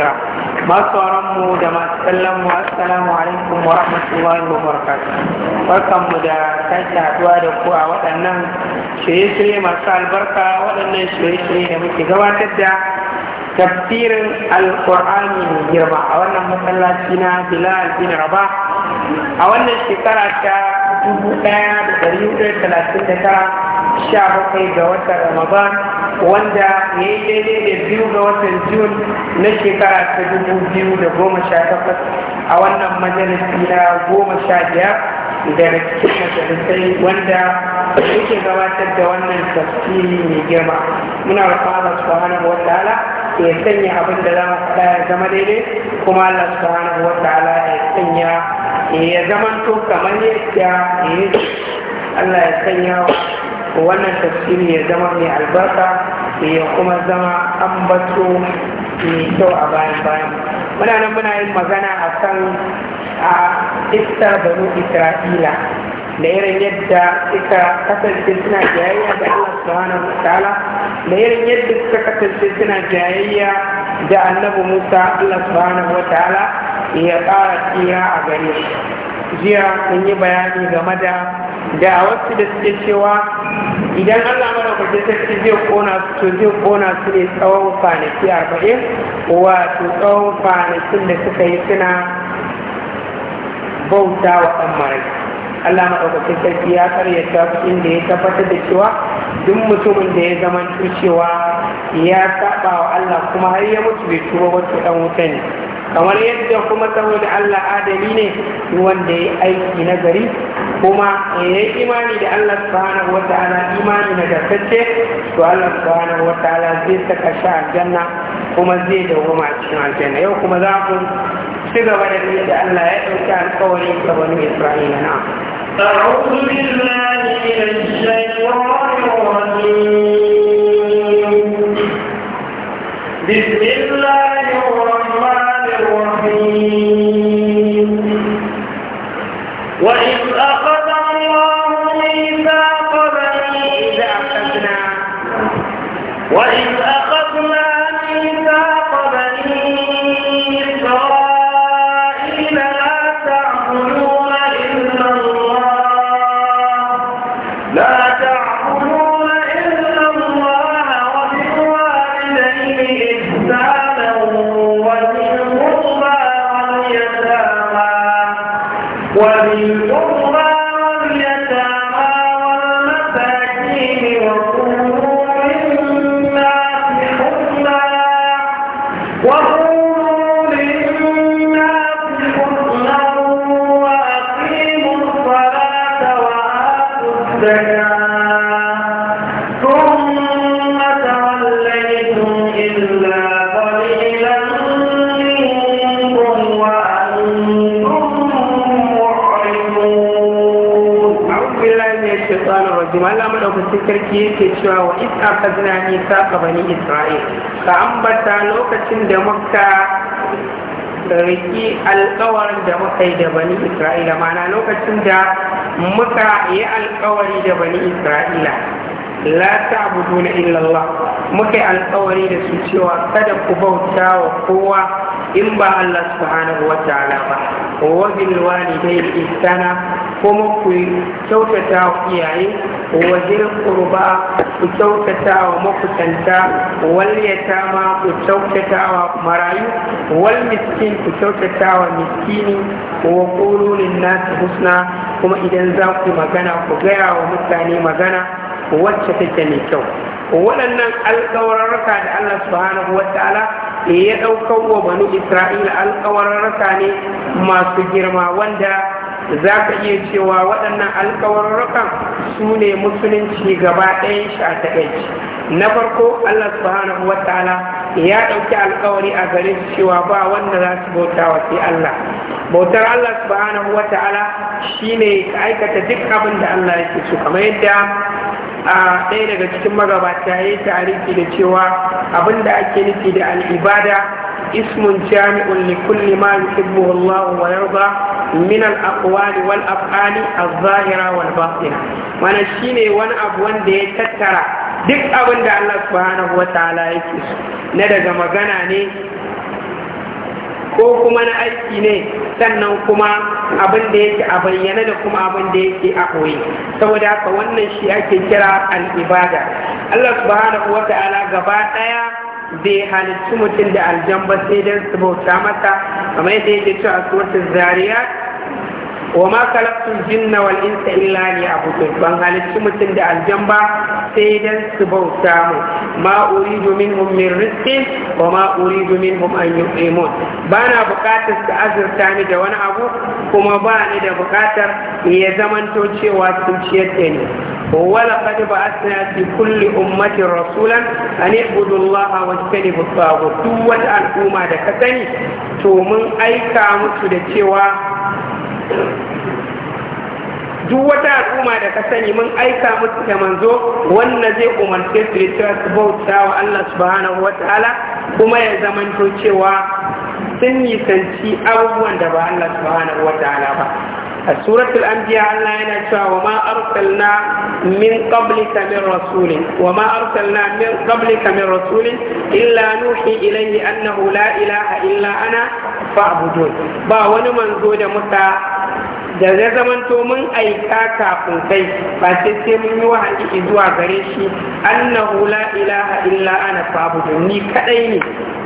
da masu صارمو mu assalamu alaikum wa rahmatullahi wa وبركاته barkan mu da sake haduwa da ku a waɗannan shirye-shirye masu albarka waɗannan shirye-shirye da muke gabatar da tafsirin alkur'ani mai girma a wannan masallaci na bilal bin raba a wannan shekara ta tara. Sha bakwai ga watan ramadan wanda ya yi daidai da biyu ga watan jun na shekara ta takwas a wannan majalisi na goma sha 15 da cikin majalisai wanda yake gabatar da wannan tafsiri mai girma muna roƙon Allah subhanahu wa ta'ala ya sanya abin da za mu faɗa ya zama daidai kuma Allah subhanahu wa ta'ala ya sanya ya zama to kamar yadda ya Allah ya sanya wa wannan tafsiri ya zama mai albarka eh, ya kuma zama ambato mai kyau a bayan bayan muna nan muna yin magana a kan a isa banu isra'ila da irin yadda suka kasance suna jayayya da allah subhanahu wa ta'ala da irin yadda suka kasance suna jayayya da annabi musa allah subhanahu wa ta'ala ya ƙara tsira a gare shi jiya mun yi bayani game da wasu da suke cewa idan allah madaukakin sarki zai kona su to zai kona su ne tsawon kwanaki arba'in wato tsawon kwanakin da suka yi suna bauta wa ɗan marai Allah maɗaukacin sarki ya karyata su da ya tabbatar da cewa duk mutumin da ya zama cewa ya saba wa Allah kuma har ya mutu bai turo wata ɗan wuta ne kamar yadda kuma saboda Allah adali ne wanda ya aiki na gari kuma ya yi imani da Allah subhanahu wa ta'ala imani na gaskace to Allah subhanahu wa ta'ala zai saka shi aljanna kuma zai dawo a cikin aljanna yau kuma za ku ci gaba da ne Allah ya ɗauki alƙawarin ga wani Isra'ila أعوذ بالله من الشيطان الرجيم بسم الله الرحمن sarki yake cewa wa iz ne saƙa bani isra'il ka ambata lokacin da muka riki alkawarin da muka yi da bani isra'ila mana lokacin da muka yi alkawari da bani isra'ila la a na illallah, muka yi alkawari da su cewa kada ku bauta wa kowa in ba Allah subhanahu wa ta'ala ba wa bil walidayni ihsana kuma ku kyautata wa iyaye waje kurba ku kyautata wa makusanta wal yatama ku kyautata wa marayu wal miskin ku kyautata wa miskini wa qulu lin nasi husna kuma idan za ku magana ku gaya wa mutane magana wacce take mai kyau waɗannan alƙawararraka da Allah subhanahu wa ta'ala ya ɗaukar wa banu Isra'ila alƙawararraka ne masu girma wanda za ka iya cewa waɗannan alkawarurrukan su ne musulunci gaba ɗayan shi a taƙaici na farko allah subhanahu wa ta'ala ya ɗauki alkawari a gare su cewa ba wanda za su bauta wa sai allah bautar allah subhanahu wa ta'ala shine ka aikata duk abin da allah yake so kamar yadda a ɗaya daga cikin magabata ya yi tarihi da cewa abin da ake nufi da al'ibada ismun jami'un li kulli ma yuhibbu Allah wa yarda من الأقوال والأفعال الظاهرة والباطنة az شيني wal أبوان دي shine wani abu wanda ya tattara duk abin da Allah subhanahu daga magana ne ko kuma na aiki ne sannan kuma abin da yake a bayyana da kuma abin da yake a koyi saboda haka wannan shi ake kira al-ibada Allah subhanahu ta'ala gaba daya zai halittu mutum da aljamba sai don su bauta mata, kamar yadda yake cewa a suratul zariya. wa ma khalaqtul jinna wal insa illa abudu ban halicci mutum da aljamba sai dan su bauta mu ma uridu minhum min rizqi wa ma uridu minhum an yut'imun bana bukatar su azurta ni da wani abu kuma ba ni da bukatar ya zamanto cewa sun ciyar da ni kulli ummati rasulan an ibudu رسولا wa اعبدوا tawu واجتنبوا al'umma da ka sani to mun aika musu da cewa duk wata al'umma da ka sani mun aika musu da manzo wanda zai umarce su da cewa su bauta wa Allah subhanahu wa ta'ala kuma ya zamanto cewa sun nisanci abubuwan da ba Allah subhanahu wa ta'ala ba a suratul anbiya Allah yana cewa wa ma arsalna min qablika min rasulin wa ma arsalna min qablika min rasulin illa nuhi ilayhi annahu la ilaha illa ana fa'budun ba wani manzo da muka da ya zamanto mun aika kafin kai ba sai sai mun yi wahayi zuwa gare shi annahu la ilaha illa ana fa'budun ni kadai ne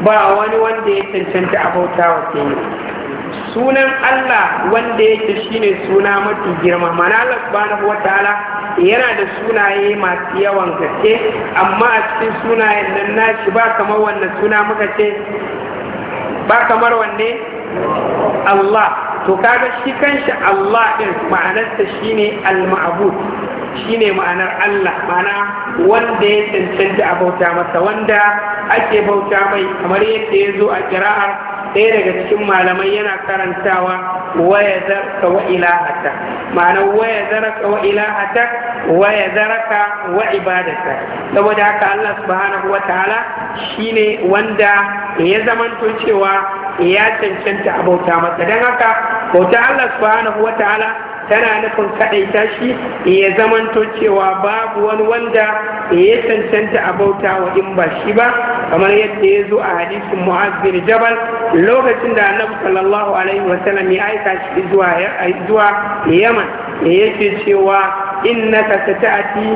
ba wani wanda ya cancanta abauta wa sai sunan Allah wanda yake shine suna mafi girma mana Allah subhanahu wataala yana da sunaye masu yawan gaske amma a cikin sunayen nan nashi ba kamar wannan suna muka ce ba kamar wanne Allah to kaga shi kanshi Allah ɗin ma'anarsa shine al-ma'bud shine ma'anar Allah ma'ana wanda ya cancanci a bauta masa wanda ake bauta mai kamar yadda ya zo a kira'ar ɗaya daga cikin malamai yana karantawa waya zarka wa ilahata ma'ana waya zaraka wa ilahata waya zaraka wa ibadata saboda haka Allah subhanahu wa ta'ala shine wanda ya zamanto cewa ya cancanta a bauta masa don haka bauta Allah subhanahu wa ta'ala tana nufin kaɗaita shi ya zamanto cewa babu wani wanda ya cancanta a bauta wa in ba shi ba kamar yadda ya zo a hadisin mu'az bin jabal lokacin da annabi sallallahu alaihi wasallam ya aika shi zuwa zuwa ya ce cewa innaka sata'ati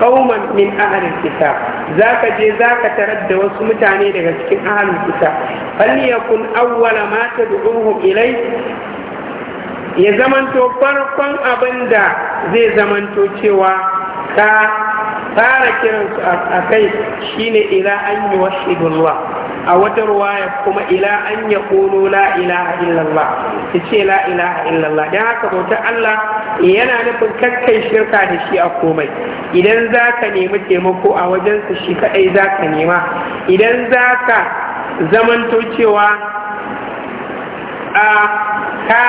qauman min ahli kitab zaka je ka tarar da wasu mutane daga cikin ahli kitab fal yakun awwala ma tad'uhum ilai ya zamanto farkon abin da zai zamanto cewa ka fara kiransu a kai shine ila an yi ruwa a wata ruwaya kuma ila an ya ƙono la ilaha illallah ta ce la ilaha illallah don haka bautar Allah yana nufin kakkai shirka da shi a komai idan za ka nemi taimako a wajensa shi kaɗai za ka nema idan za ka zamanto cewa a ka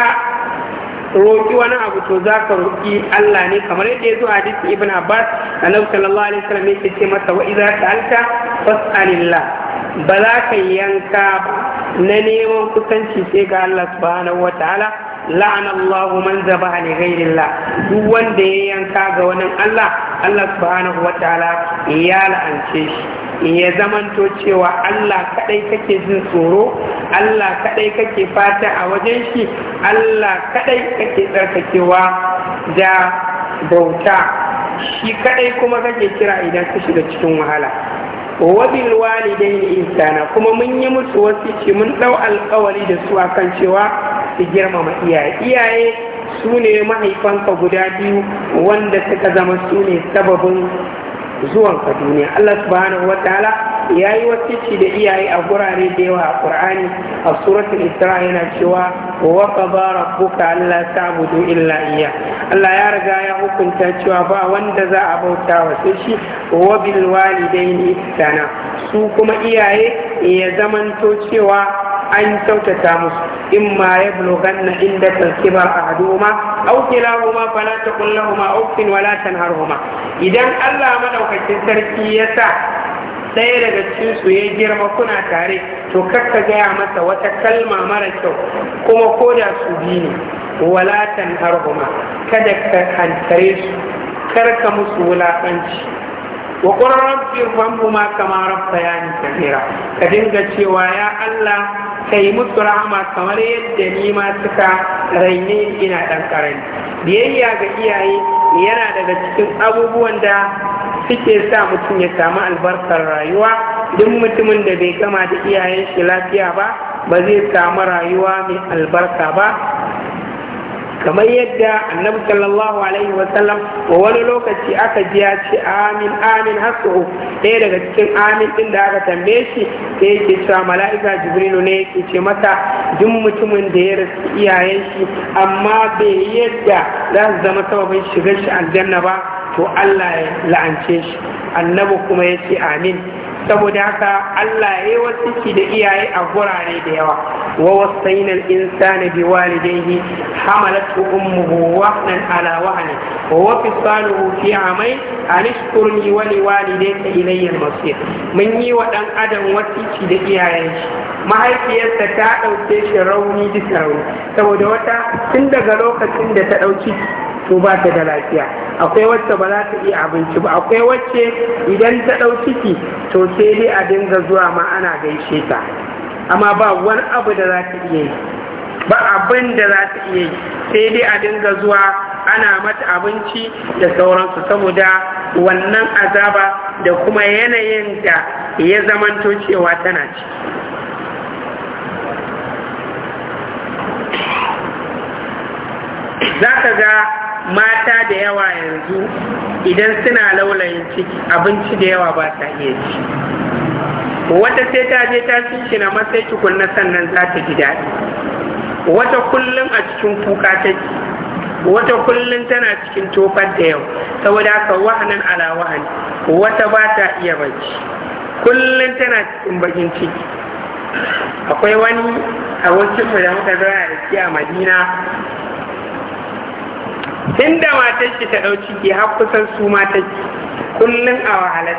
roƙi wani abu to za ka roƙi Allah ne kamar yadda ya zo a hadisin Ibn Abbas annabi sallallahu alaihi wasallam yake ce masa wa ta sa'alta fas'alillah ba za ka yanka na neman kusanci sai ga Allah subhanahu wataala la'ana Allahu man zabaha li ghairillah duk wanda ya yanka ga wani Allah Allah subhanahu wataala ya la'ance shi ya zamanto cewa Allah kadai kake jin tsoro Allah kadai kake fata a wajen shi Allah kadai kake tsarkakewa da bauta shi kadai kuma kake kira idan ka shiga cikin wahala wabil walidaini insana kuma mun yi musu wasici mun dau alƙawari da su akan cewa da girmama iyaye iyaye su ne mahaifanka guda biyu wanda suka zama su ne sababin zuwanka duniya Allah subhanahu wa ta'ala ya yi wasici da iyaye a gurare da yawa a Qur'ani a suratul Isra yana cewa wa qada rabbuka alla ta'budu illa iya Allah ya riga ya hukunta cewa ba wanda za a bauta wa sai shi wa bil walidaini ihsana su kuma iyaye ya zamanto cewa an kyautata musu in ma ya bulganna inda kalkibar ahaduhuma aw kilahuma fala taqul lahumu uffin wala huma. idan Allah madaukakin sarki ya sa ɗaya daga cinsu ya girma kuna tare to kakka gaya masa wata kalma mara kyau kuma ko da su bi ne wala huma. kada ka hantare su kar ka musu wulaƙanci wa qur rabbi ma kama rabbayani kathira ka dinga cewa ya Allah kai musu rahama kamar yadda ni ma suka raine ina ɗan karami biyayya ga iyaye yana daga cikin abubuwan da suke sa mutum ya samu albarkar rayuwa duk mutumin da bai gama da iyayen shi lafiya ba ba zai samu rayuwa mai albarka ba kamar yadda annabi sallallahu alaihi wasallam wani lokaci aka ji ya ce amin amin haka sau daga cikin amin ɗin da aka tambaye shi da yake cewa mala'ika jibrilu ne yake ce mata duk mutumin da ya rasu iyayen shi amma bai yadda za su zama sababin shigar shi aljanna ba to Allah ya la'ance shi annabi kuma yace amin saboda haka Allah ya yi wasiki da iyaye a gurare da yawa wa wasainal insana bi walidayhi hamalat ummuhu wahnan ala wahni wa fisaluhu fi amai an ishkur wa li walidayka ilayya al-masir mun yi wa dan adam wasiki da iyayen shi mahaifiyarsa ta dauke shi rauni bisa rauni saboda wata tun daga lokacin da ta dauki ko ba ta da lafiya akwai wacce ba za ta iya abinci ba akwai wacce idan ta ɗau ciki to sai dai a dinga zuwa ma ana gaishe ta amma ba wani abu da za ta iya yi ba abin da za ta iya yi sai dai a dinga zuwa ana mata abinci da sauransu saboda wannan azaba da kuma yanayin da ya zamanto cewa tana ciki za ka ga mata da yawa yanzu idan suna laulayin ciki abinci da yawa ba ta iya ci wata sai ta je ta shinshina masai na sannan za ta gida wata kullum a cikin kuka ta ci wata kullum tana cikin tofar da yau saboda haka wahanan ala wahani wata ba ta iya bacci kullum tana cikin bakin ciki akwai wani a mu da muka zauna da shi a madina inda matan ki ta ɗauki ke har kusan su mata kullum a wahalar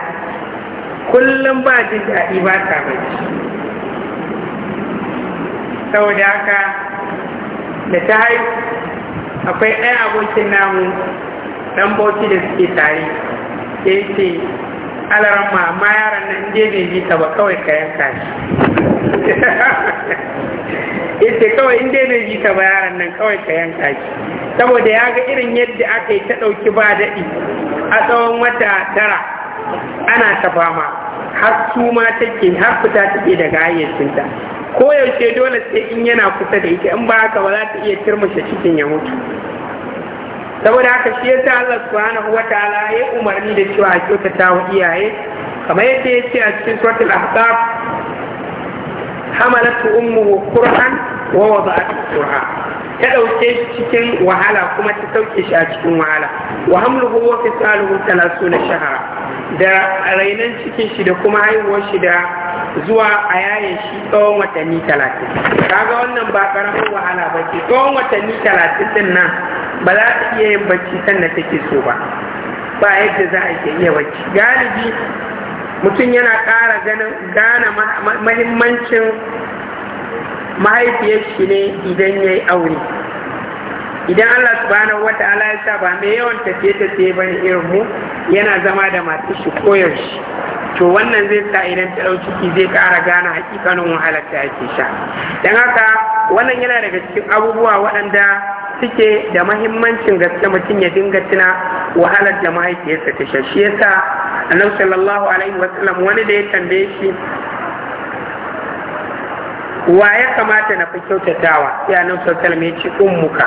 kullum ba jin daɗi ba ta bacci saboda haka da ta haihu akwai ɗaya abokin namu ɗan bauchi da suke tare ya ce alaran ma amma yaran nan je bai ji ta ba kawai ka yanka shi yace kawai in dai bai ji ta bayaran nan kawai ka yanka shi saboda ya ga irin yadda aka yi ta ɗauki ba daɗi a tsawon wata tara ana ta fama har su ma take har fita take daga hayyacinta ko yaushe dole sai in yana kusa da ita in ba haka ba za ta iya turmushe cikin ya mutu saboda haka shi ya sa Allah subhanahu wataala ya umarni da cewa a kyautata wa iyaye kamar yadda ya ce a cikin suratul ahqaf hamalatu ummuhu qur'an wa wada'atu qur'an ta dauke cikin wahala kuma ta sauke shi a cikin wahala wa ta wa fisaluhu 30 shahara da rainon cikin shi da kuma haihuwar shi da zuwa a yayin shi tsawon watanni 30 kaga wannan ba karamin wahala ba ce tsawon watanni talatin din nan ba za ta iya yin bacci sanda take so ba ba yadda za a iya bacci galibi mutum yana ƙara ganin gane mahimmancin mahaifiyar shi ne idan ya yi aure idan allah subhanahu wata ala ya sa ba mai yawan tafiye-tafiye ba ne irin mu yana zama da masu shi koyaushe to wannan zai sa idan ta ɗau ciki zai ƙara gane hakikanin wahalar da ake sha don haka wannan yana daga cikin abubuwa waɗanda suke da mahimmancin gaske mutum ya dinga tuna wahalar da mahaifiyarsa ta sha shi yasa annabi sallallahu alaihi wasallam wani da ya tambaye shi wa ya kamata na fi kyautatawa sai annabi sallallahu alaihi wasallam ya ce ummuka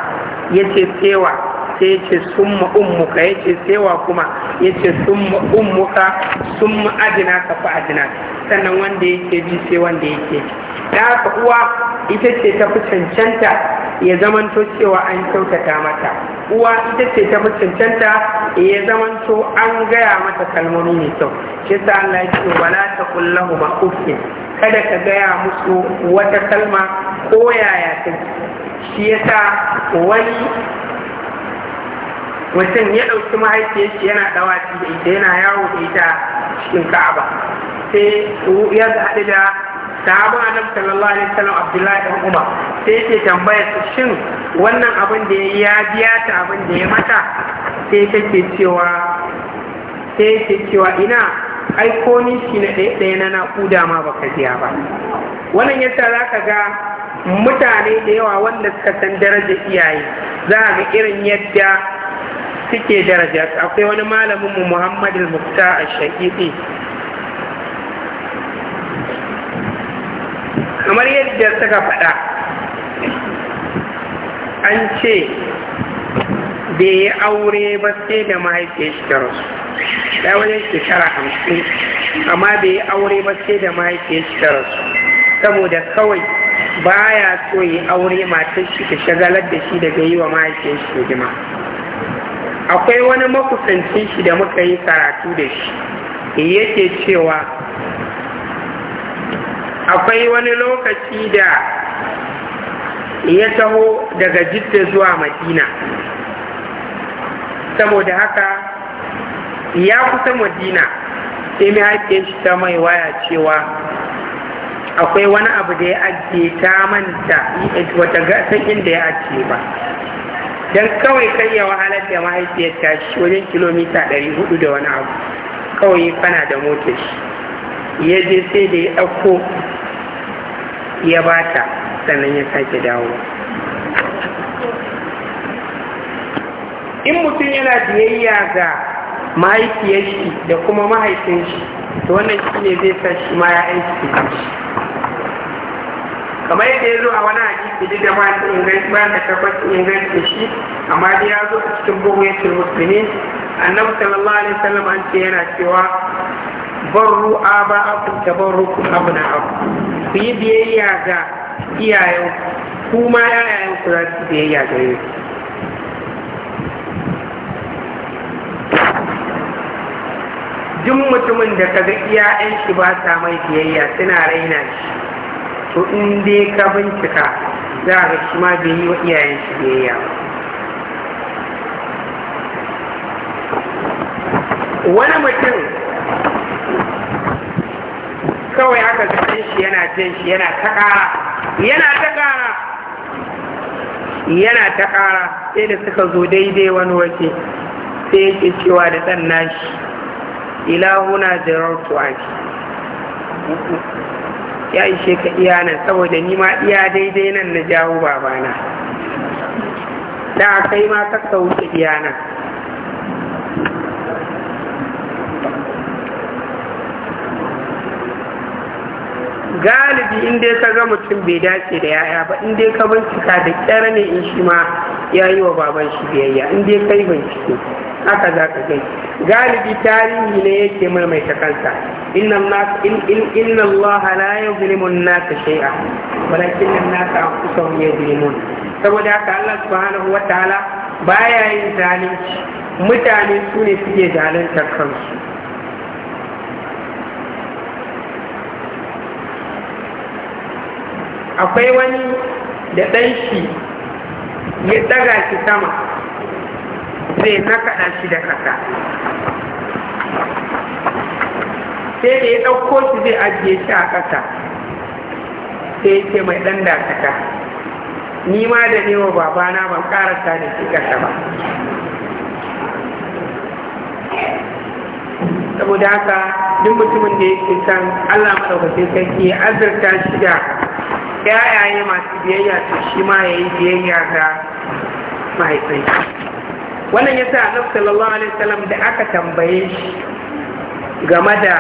ya ce tsewa sai ya ce summa ummuka ya ce sewa kuma ya ce summa ummuka summa adina ka fa adina sannan wanda yake bi sai wanda yake da haka uwa ita ce ta fi cancanta ya zamanto cewa an kyautata mata uwa ita ce ta fi cancanta ya zamanto an gaya mata kalmomi mai kyau shi yasa Allah ya ce wala ta lahum uffin kada ka gaya musu wata kalma ko yaya take shi sa wani mutum ya ɗauki mahaifiyar shi yana ɗawaci da ita yana yawo da ita cikin ka'aba sai ya haɗu da sahabin annabi sallallahu alaihi wasallam abdullahi ɗan umar sai yake tambaya shin wannan abin da ya biya ta abin da ya mata sai take cewa sai yake cewa ina ai ko ni shi na ɗaya ɗaya na naƙuda ma baka biya ba wannan yasa za ka ga mutane da yawa wanda suka san darajar iyaye za a ga irin yadda suke daraja akwai wani malamin mu Muhammad al-Mufta shaqiqi kamar yadda suka faɗa an ce bai yi aure ba sai da mahaifiyar ta rasu ya wajen shekara hamsin amma bai yi aure ba sai da mahaifiyar ta rasu saboda kawai baya so yi aure matar shi ta shagalar da shi daga yi wa mahaifiyar shi hidima akwai wani makusancin shi da muka yi karatu da shi yake cewa akwai wani lokaci da ya taho daga jidda zuwa madina saboda haka ya kusa madina sai mai haƙƙin shi ta mai waya cewa akwai wani abu da ya ajiye ta manta wata gasar inda ya ajiye ba dan kawai kai ya wahalar da mahaifiyar shi wajen kilomita 400 da wani abu kawai kana da motar shi ya je sai da ya ɗauko ya bata sannan ya sake dawo in mutum yana biyayya ga mahaifiyar shi da kuma mahaifin shi to wannan shi ne zai sa shi ma ya aiki da shi kamar yadda ya zo a wani hadisi da da ba ta inganci ba da tabbata inganci shi amma dai ya zo a cikin buhuyatul musulmi annabi sallallahu alaihi wasallam an ce yana cewa barru abu na abna'akum ku yi biyayya ga iyayen ku ma yayayen ku za su biyayya ga yi duk mutumin da kaga iyayen shi ba sa mai biyayya suna raina shi to in dai ka bincika za a ga shi ma bai yi wa iyayen shi biyayya wani mutum kawai aka zaɓe shi yana jin shi yana ta ƙara yana ta ƙara yana ta ƙara sai da suka zo daidai wani waje sai yake cewa da ɗan nashi ilahuna jirautu ake ya ishe ka iya nan saboda ni ma iya daidai nan na jawo babana da kai ma kakka wuce iya nan galibi in ka ga mutum bai dace da yaya ba indai ka bincika da kyar ne in shi ma ya yi wa baban shi biyayya in ka yi bincike haka za ka gani galibi tarihi ne yake maimaita kansa inna Allah la yuzlimu an-nasa shay'a walakin an-nasa anfusahum yuzlimun saboda haka Allah subhanahu wataala baya yin zalunci mutane su ne suke zaluntar kansu akwai wani da ɗan shi ya ɗaga shi sama zai kaɗa shi da ƙasa sai da ya ɗauko shi zai ajiye shi a ƙasa sai ya ce mai ɗan dakata ni ma da newa babana ban ƙarasa da shi ƙasa ba saboda haka duk mutumin da yake san allah maɗaukacin sarki ya azurta shi da Ya ‘ya'yaye masu biyayya to shi ma ya yi biyayya ga mahaifai wannan ya sa annabi sallallahu alaihi wasallam da aka tambaye shi game da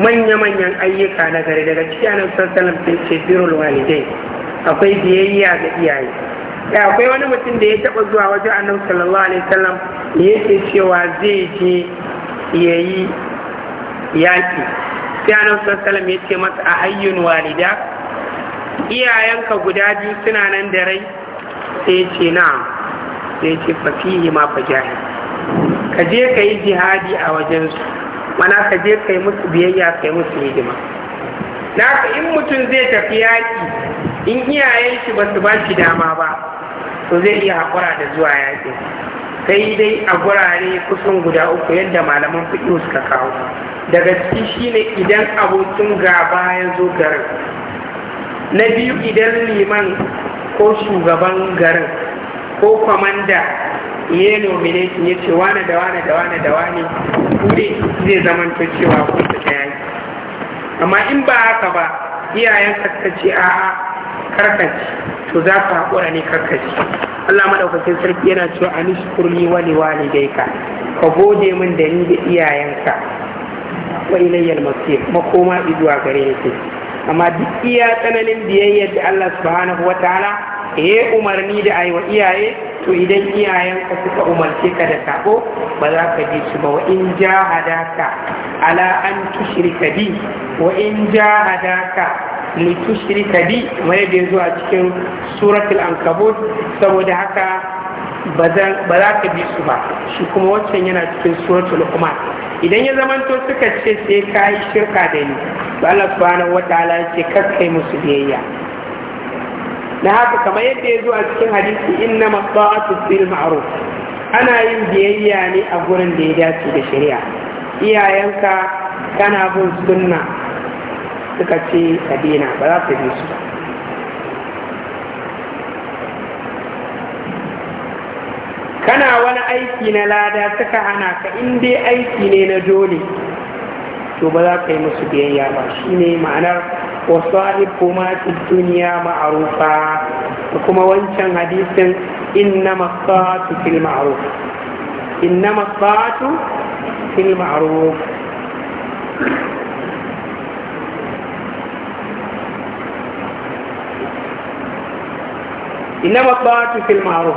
manya-manyan ayyuka na gari daga ciki annabi sallallahu alaihi wasallam ce birul walidai akwai biyayya ga iyaye da akwai wani mutum da ya taba zuwa wajen annabi sallallahu alaihi wasallam ya yake cewa zai je ya yi yaki sai annabi sallallahu alaihi wasallam ya ce masa a ayyun walida iyayenka guda biyu suna nan da rai sai ce na, sai ce fafihi ma fa jahi ka je ka yi jihadi a wajensu mana ka je ka yi musu biyayya ka yi musu hidima na ka in mutum zai tafi yaƙi in iyayen shi ba su ba shi dama ba to zai iya haƙura da zuwa yaƙin sai dai a gurare kusan guda uku yadda malaman fiƙi suka kawo daga ciki shine idan abokin gaba ya zo garin na biyu idan liman ko shugaban garin ko kwamanda ya yi nomination ya ce wane da wane da wane da wane kure zai zamanta cewa kun ta yi amma in ba haka ba iyayen karkaci a karkaci to za ka haƙura ne karkaci Allah maɗaukakin sarki yana cewa a kurni wani dai ka ka gode min da ni da iyayenka wa ilayyal masir makoma izuwa gare ni amma duk iya tsananin biyayyar da Allah subhanahu wa ta'ala ya umarni da ayi wa iyaye to idan iyayenka suka umarce ka da sako ba za ka ji su ba wa in ja-hadaka, ala an tushrika bi wa in ja-hadaka, li tushrika bi mai da zuwa cikin suratul ankabut saboda haka ba za ka bi su ba shi kuma wancan yana cikin suratul luqman idan ya zamanto suka ce sai ka yi shirka da ni to Allah subhanahu wataala ya ce kar kai musu biyayya na haka kamar yadda ya zo a cikin hadisi inna ma'atu fil ma'ruf ana yin biyayya ne a gurin da ya dace da shari'a iyayenka kana bin sunna suka ce ba za ka bi su ba kana wani aiki na lada suka hana ka in dai aiki ne na dole to ba za ka yi musu biyayya ba shine ne ma'anar wasu kuma fi duniya ma'arufa kuma wancan hadisin inna masatu fil ma'ruf inna masatu fil ma'ruf إنما الطاعة في المعروف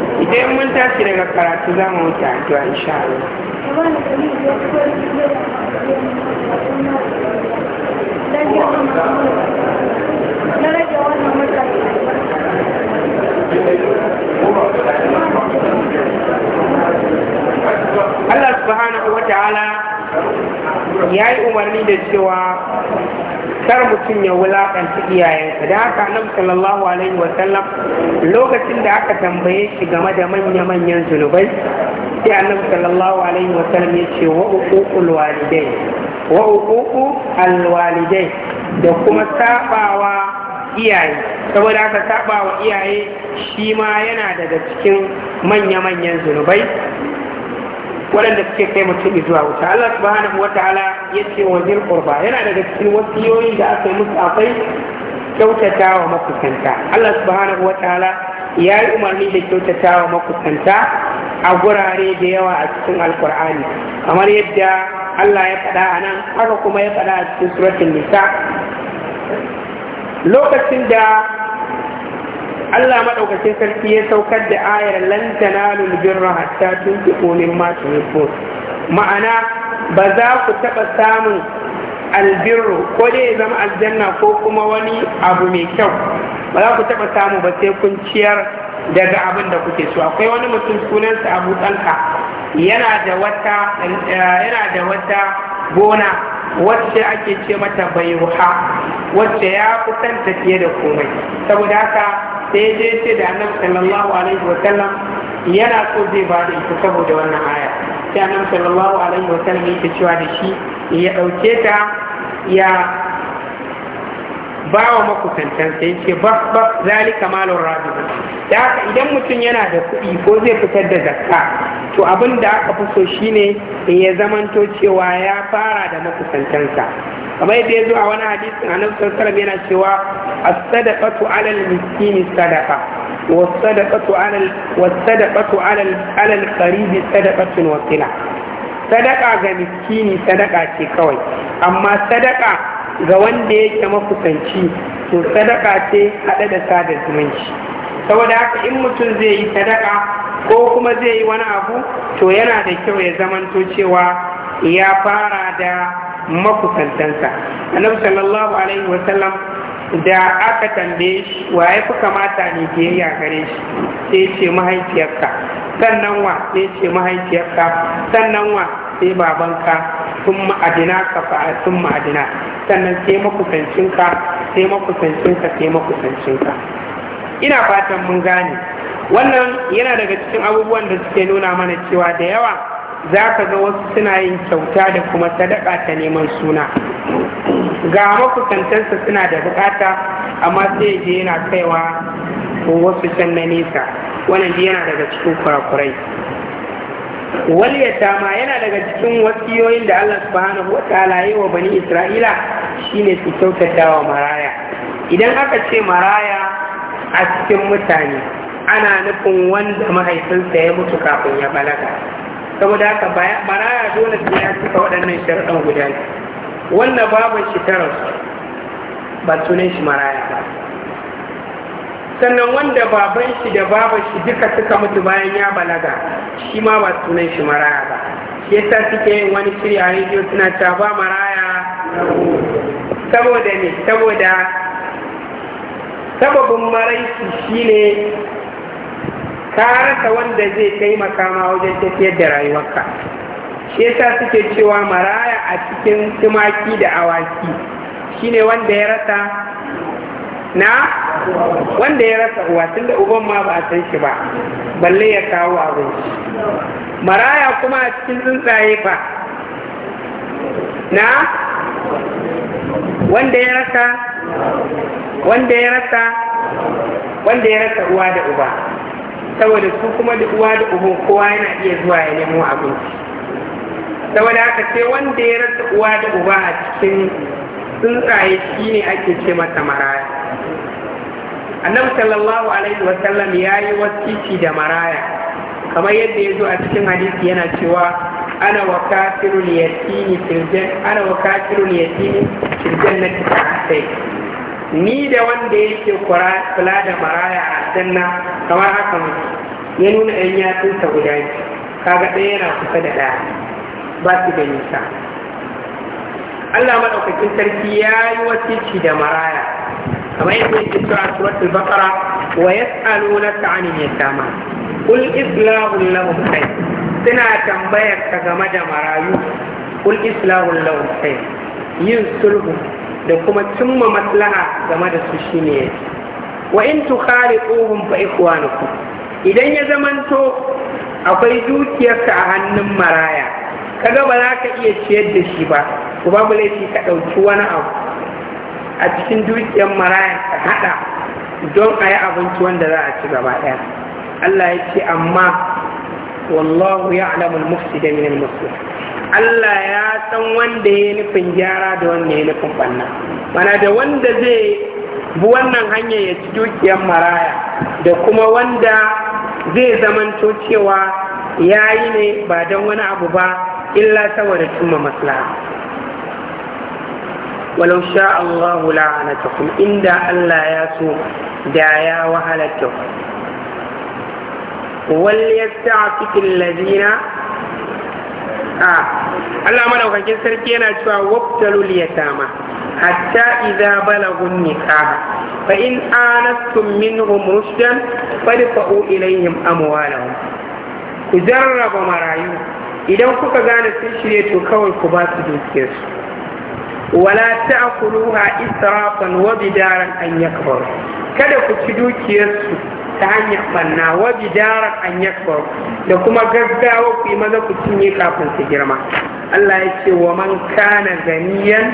idan mun tashi daga karatu za mu wuce addu'a insha Allah Allah subhanahu wa ta'ala ya yi umarni da cewa kar mutum ya wulakanta iyayensa da haka nan sallallahu alaihi wa sallam lokacin da aka tambaye shi game da manya manyan zunubai sai annabi sallallahu alaihi wa sallam ya ce wa uku walidai wa uku alwalidai da kuma sabawa iyaye saboda haka sabawa iyaye shi ma yana daga cikin manya manyan zunubai waɗanda suke kai mutum zuwa wuta Allah subhanahu ala ya ce wa zil qurba yana daga cikin wasiyoyi da aka yi musu akwai kyautata wa makusanta Allah subhanahu ala ya yi umarni da kyautata wa makusanta a gurare da yawa a cikin alkur'ani kamar yadda Allah ya faɗa a nan haka kuma ya faɗa a cikin suratul nisa lokacin da Allah maɗaukacin sarki ya saukar da ayar lan tanalul birra hatta tunfiqu mimma tuhibbun ma'ana ba za ku taɓa samun albirru ko dai ya zama aljanna ko kuma wani abu mai kyau ba za ku taɓa samu ba sai kun ciyar daga abin da kuke so akwai wani mutum sunansa Abu Tsanka yana da wata gona wacce ake ce mata bai bayuha wacce ya kusanta fiye da komai saboda haka sai je ce da annabi sallallahu alaihi wa sallam yana so zai ba da ita saboda wannan aya sai annabi sallallahu alaihi wa sallam yake cewa da shi ya dauke ta ya Bawa wa makusantansa ya ce bas bas zalika malon rajiban da haka idan mutum yana da kuɗi ko zai fitar da zakka to abin da aka fi so shine ya zamanto cewa ya fara da makusantansa kamar yadda ya zo a wani hadisin annabi sallallahu yana cewa as-sadaqatu 'ala al-miskini sadaqa was-sadaqatu 'ala was-sadaqatu 'ala al-qaribi sadaqatun wasila sadaqa ga miskini sadaka ce kawai amma sadaqa ga wanda yake makusanci to sadaka ce haɗe da sada zumunci saboda haka in mutum zai yi sadaka ko kuma zai yi wani abu to yana da kyau ya zamanto cewa ya fara da makusantansa annabi sallallahu alaihi wasallam da aka tambaye shi wa ya fi kamata ne biyayya gare shi sai ce mahaifiyarka sannan wa sai ce mahaifiyarka sannan wa sai babanka sun ma'adina ka sun ma'adina sannan sai makusancinka sai makusancinka sai makusancinka ina fatan mun gane wannan yana daga cikin abubuwan da suke nuna mana cewa da yawa za ka ga wasu suna yin kyauta da kuma sadaka ta neman suna ga makusantansa suna da bukata amma sai je yana kaiwa wasu can na nesa wannan yana daga cikin kurakurai wal yatama yana daga cikin wasiyoyin da Allah subhanahu wataala yi wa bani Isra'ila shine su wa maraya idan aka ce maraya a cikin mutane ana nufin wanda mahaifinsa ya mutu kafin ya balaga saboda haka maraya dole sai ya cika waɗannan sharuɗan guda Wannan baban shi ta ba sunan shi maraya ba sannan wanda baban shi da baban shi duka suka mutu bayan ya balaga shi ma ba sunan shi maraya ba shi yasa suke yin wani shirya a rediyo suna cewa ba maraya saboda ne saboda sababin maraici ne ka rasa wanda zai taimaka ma wajen tafiyar da rayuwarka shi yasa suke cewa maraya a cikin tumaki da awaki shi ne wanda ya rasa na wanda ya rasa uwa tun da uban ma ba a san shi ba balle ya kawo abinci maraya kuma a cikin tsuntsaye ba na wanda ya rasa wanda ya rasa wanda ya rasa uwa da uba saboda su kuma da uwa da uban kowa yana iya zuwa ya nemo abinci saboda haka ce wanda ya rasa uwa da uba a cikin tsuntsaye shi ne ake ce mata maraya annabi sallallahu alaihi wa sallam ya yi wasiki da maraya kamar yadda ya zo a cikin hadisi yana cewa ana wa kafirul yatimi firjan ana wa kafirul yatimi firjan na ni da wanda yake kula da maraya a janna kamar haka ya nuna yan yatsunsa guda biyu kaga ɗaya yana kusa da ɗaya ba su da nisa Allah madaukakin sarki ya yi wasici da maraya kamar yadda yake cewa suratul baqara wa yas'alunaka 'anil yatama qul islahun lahum khair suna tambayar ka game da marayu qul islahun lahum khair yin sulhu da kuma cimma maslaha game da su shine yake wa in tukhaliquhum fa ikhwanukum idan ya zamanto akwai dukiyarka a hannun maraya kaga ba za ka iya ciyar da shi ba ku babu laifi ka ɗauki wani abu a cikin dukiyar marayan ka haɗa don a yi abinci wanda za a ci gaba ɗaya Allah ya ce amma wallahu ya alamul da minin al Allah ya san wanda ya nufin gyara da wanda ya nufin banna mana da wanda zai bi wannan hanya ya ci dukiyar maraya da kuma wanda zai zamanto cewa ya yi ne ba don wani abu ba illa saboda cimma maslaha walau sha Allahu la'anatakum inda Allah ya so da ya wahalatta wal yasta'fik alladhina a Allah madaukakin sarki yana cewa wabtalul yatama hatta idza balagun nikaha فإن آنستم منهم رشدا فادفعوا إليهم أموالهم ku jarraba marayu idan kuka gane sun shirya to kawai ku basu su wala ta'kuluha israfan wa bidaran an kada ku ci dukiyarsu ta hanyar banna wa bidaran an yakbar da kuma gaggawa ku yi maza ku cinye kafin su girma Allah ya ce wa man kana ganiyan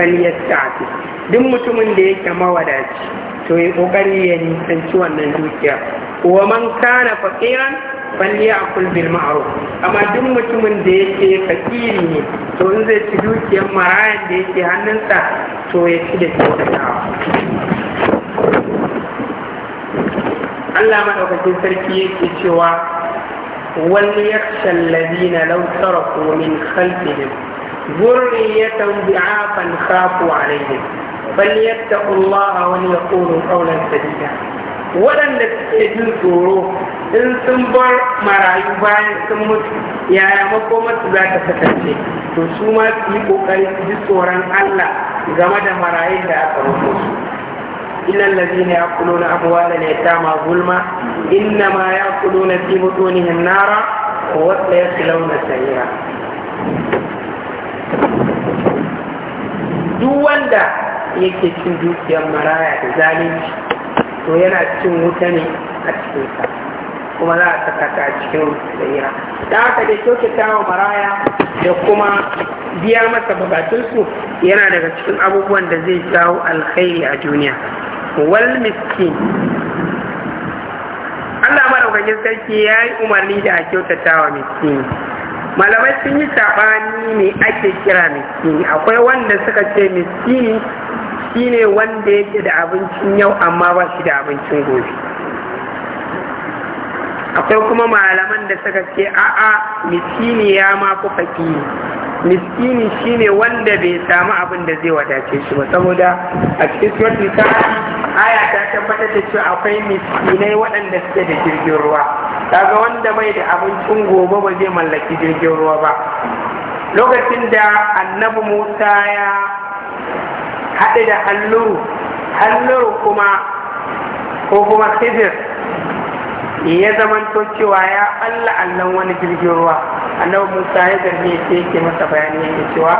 falyastafi duk mutumin da yake mawadaci to yi kokari ya nisanci wannan dukiya wa man kana faqiran balli a kulbin ma'aruf amma duk mutumin da yake fakiri ne to in zai ci dukiyar marayan da yake hannunsa to ya ci da kyautatawa Allah maɗaukakin sarki yake cewa wani yakshan lazina lau taraku min khalfihim ذرية ضعافا خافوا عليهم فليتقوا الله وليقولوا قولا سديدا waɗanda suke jin tsoro in sun bar marayu bayan sun mutu yaya makomarsu za ta kasance to su ma su yi ƙoƙari su ji tsoron Allah game da marayun da aka mutu su إن الذين يأكلون أموال اليتامى ظلما nara ko wata ya نارا na sayira duk wanda yake cin dukiyar maraya da zalunci to yana cikin wuta ne a cikin kuma za a saka ta a cikin tsayira da aka da kyautata wa maraya da kuma biya masa bukatunsu yana daga cikin abubuwan da zai jawo alkhairi a duniya wal miskin Allah madaukakin sarki ya yi umarni da a kyautata wa miskin malamai sun yi saɓani ne ake kira miskini akwai wanda suka ce miskini shine wanda yake da abincin yau amma ba shi da abincin gobe akwai kuma malaman da suka ce a'a miskini ya ma fi fakiri miskini shine wanda bai samu abin da zai wadace shi ba saboda a cikin suratul ta aya ta tabbatar da cewa akwai miskinai waɗanda suke da jirgin ruwa kaga wanda bai da abincin gobe ba zai mallaki jirgin ruwa ba lokacin da annabi Musa ya haɗe da halluru halluru kuma ko kuma hijir ya zamanto cewa ya allah allon wani jirgin ruwa annabi musa ya zargi ya ce yake masa bayani yake cewa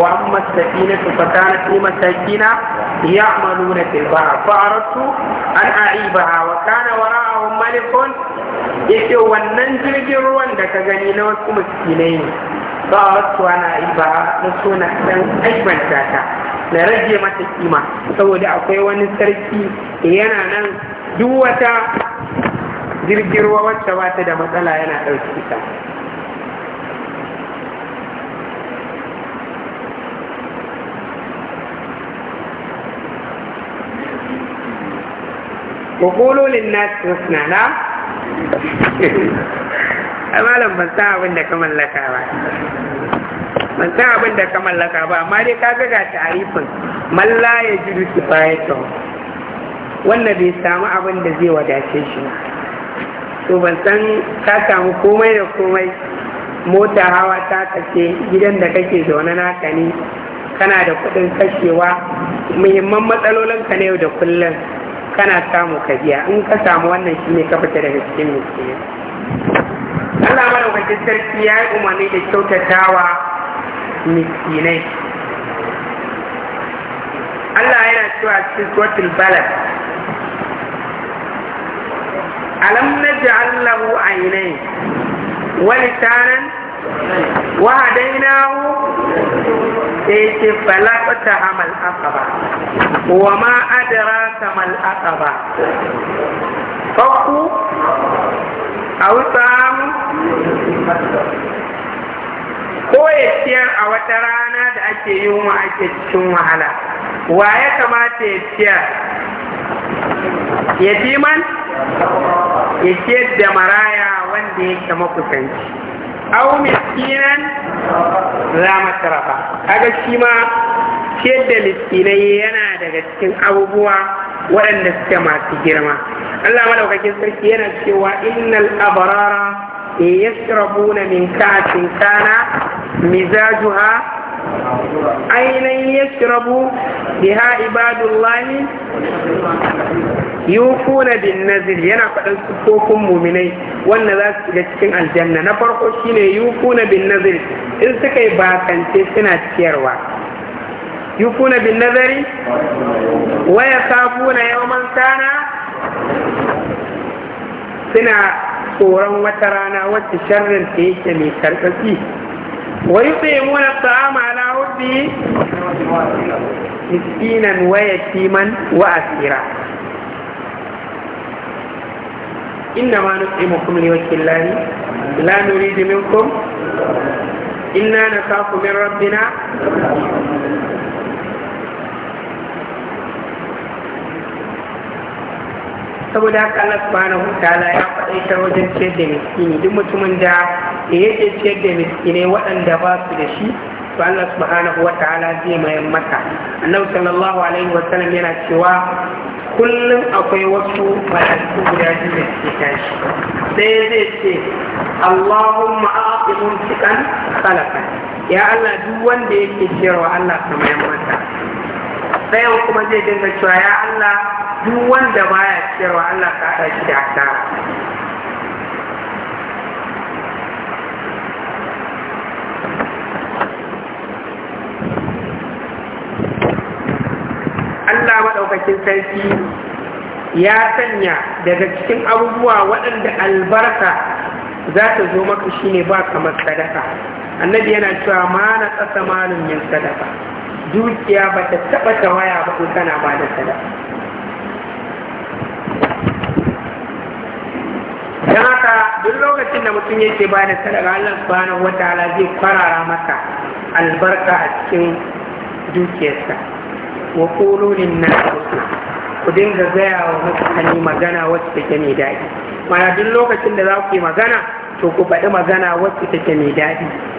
wa amma safina tu fatana fi masakina ya'maluna fil bahr fa aratu an a'ibaha wa kana wara'ahum malikun yace wannan jirgin ruwan da ka gani na wasu miskinai ne ba a wasu ana aiba na suna dan aibanta ta na rage mata kima saboda akwai wani sarki yana nan duk wata jirgin ruwa wacce ba ta da matsala yana ɗauki ta وقولوا للناس حسنا لا abin da ka mallaka ba. ban san abin da ka mallaka ba amma dai ka ga tarifin malla ya ji baya kifayata Wannan bai samu abin da zai wadace shi ba to ban san ka samu komai da komai mota hawa ta kace gidan da kake zaune naka ne kana da kuɗin kashewa muhimman ka na yau da kullum kana samu ka biya in ka samu wannan shi ne ka fita daga cikin miskinin Allah wajen sarki ya yi umarni da kyautatawa miskinai Allah yana cewa cikin suratul balad alam naj'al lahu aynayn wa lisanan wa hadaynahu sai ce falaqata hamal aqaba wa ma adraka mal aqaba fakku aw ta'am ko ya ciyar a wata rana da ake yi wa ake cikin wahala wa ya kamata ya ciyar ya ciyar da maraya wanda ya yake makusanci au miskinan za A ga shi ma ciyar da miskinai yana daga cikin abubuwa waɗanda suke masu girma Allah madaukakin sarki yana cewa innal abarara yashrabuna min ka'atin kana mizajuha ainihin yashrabu biha ibadullahi yufuna bin nazir yana faɗan siffofin muminai wanda za su shiga cikin aljanna na farko shine yufuna bin nazir in suka yi bakance suna ciyarwa yufuna bin nazari waya kafuna yawman suna tsoron wata rana wacce sharrin ta yake mai karkaci wa yutsimuna at'ama ala hubbi miskinan wa yatiman wa asira إنما نطعمكم لوجه الله لا نريد منكم إنا نخاف من ربنا saboda haka Allah subhanahu ta'ala ya faɗa ita wajen ciyar da miskini duk mutumin da ya yake ciyar da miskinai waɗanda ba su da shi to Allah subhanahu wa ta'ala zai mayan maka annabi sallallahu alaihi wa sallam yana cewa kullum akwai wasu mala'iku guda biyu da suke tashi sai zai ce Allahumma a'ti mumsikan salafan ya Allah duk wanda yake ciyarwa Allah ka mayan maka ɗayan kuma zai dinga cewa ya Allah duk wanda baya ciyarwa Allah ka haɗa shi da asara Allah maɗaukakin sarki ya sanya daga cikin abubuwa waɗanda albarka za ta zo maka ne ba kamar sadaka annabi yana cewa ma na ƙasa malin yin sadaka dukiya ba ta taɓa tawaya ba ko tana ba da sada don haka duk lokacin da mutum yake ba da ga Allah subhanahu wataala zai kwarara maka albarka a cikin dukiyarsa wa qulu lin ku dinga gaya wa mutane magana wacce take mai daɗi mana duk lokacin da za ku yi magana to ku faɗi magana wacce take mai daɗi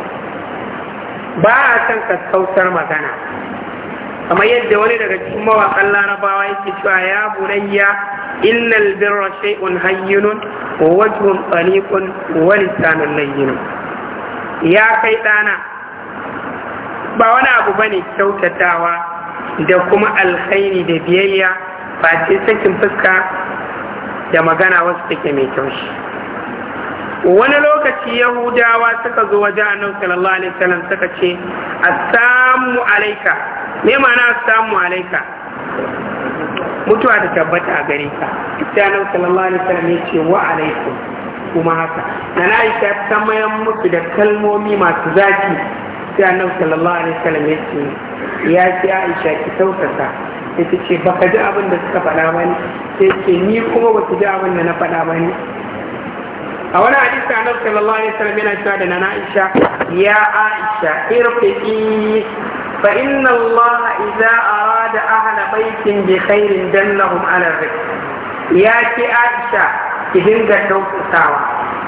ba a san kaskautar magana kamar yadda wani daga cikin mawaƙan larabawa yake cewa ya bunayya innal birra shay'un hayyinun wa wajhun qaliqun wa lisanun layyinun ya kai ɗana ba wani abu bane kyautatawa da kuma alkhairi da biyayya ba sai sakin fuska da magana wasu take mai taushi wani lokaci yahudawa suka zo wajen annabi sallallahu alaihi wasallam suka ce assalamu alaika me ma'ana assalamu alaika mutuwa ta tabbata a gare ka sai annabi sallallahu alaihi wasallam ya ce wa alaikum kuma haka na aisha ta mayan musu da kalmomi masu zaki sai annabi sallallahu alaihi wasallam ya ce ya ce aisha ki tausasa. sai ta ce baka ji abin da suka faɗa ba ne sai ce ni kuma ba ki ji abin da na faɗa ba ne a wani hadisi annabi sallallahu alaihi wasallam yana cewa da nana Aisha ya Aisha irfiqi fa inna Allah idza arada ahla baitin bi khairin dallahum ala rizq ya ce Aisha ki dinga tausasawa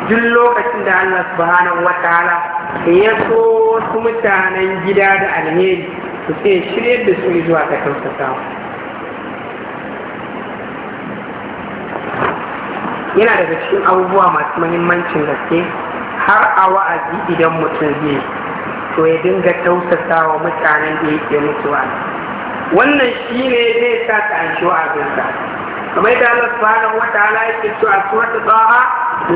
duk lokacin da Allah subhanahu wata ta'ala ya so su mutanen gida da alheri su sai shirye da su zuwa ga tausasawa yana daga cikin abubuwa masu mahimmancin gaske har a wa'azi idan mutum zai to ya dinga tausasa wa mutanen da yake mutuwa wannan shi ne zai sa ka an shi wa'azinsa kamar yadda Allah subhanahu wataala yake cewa suratul taha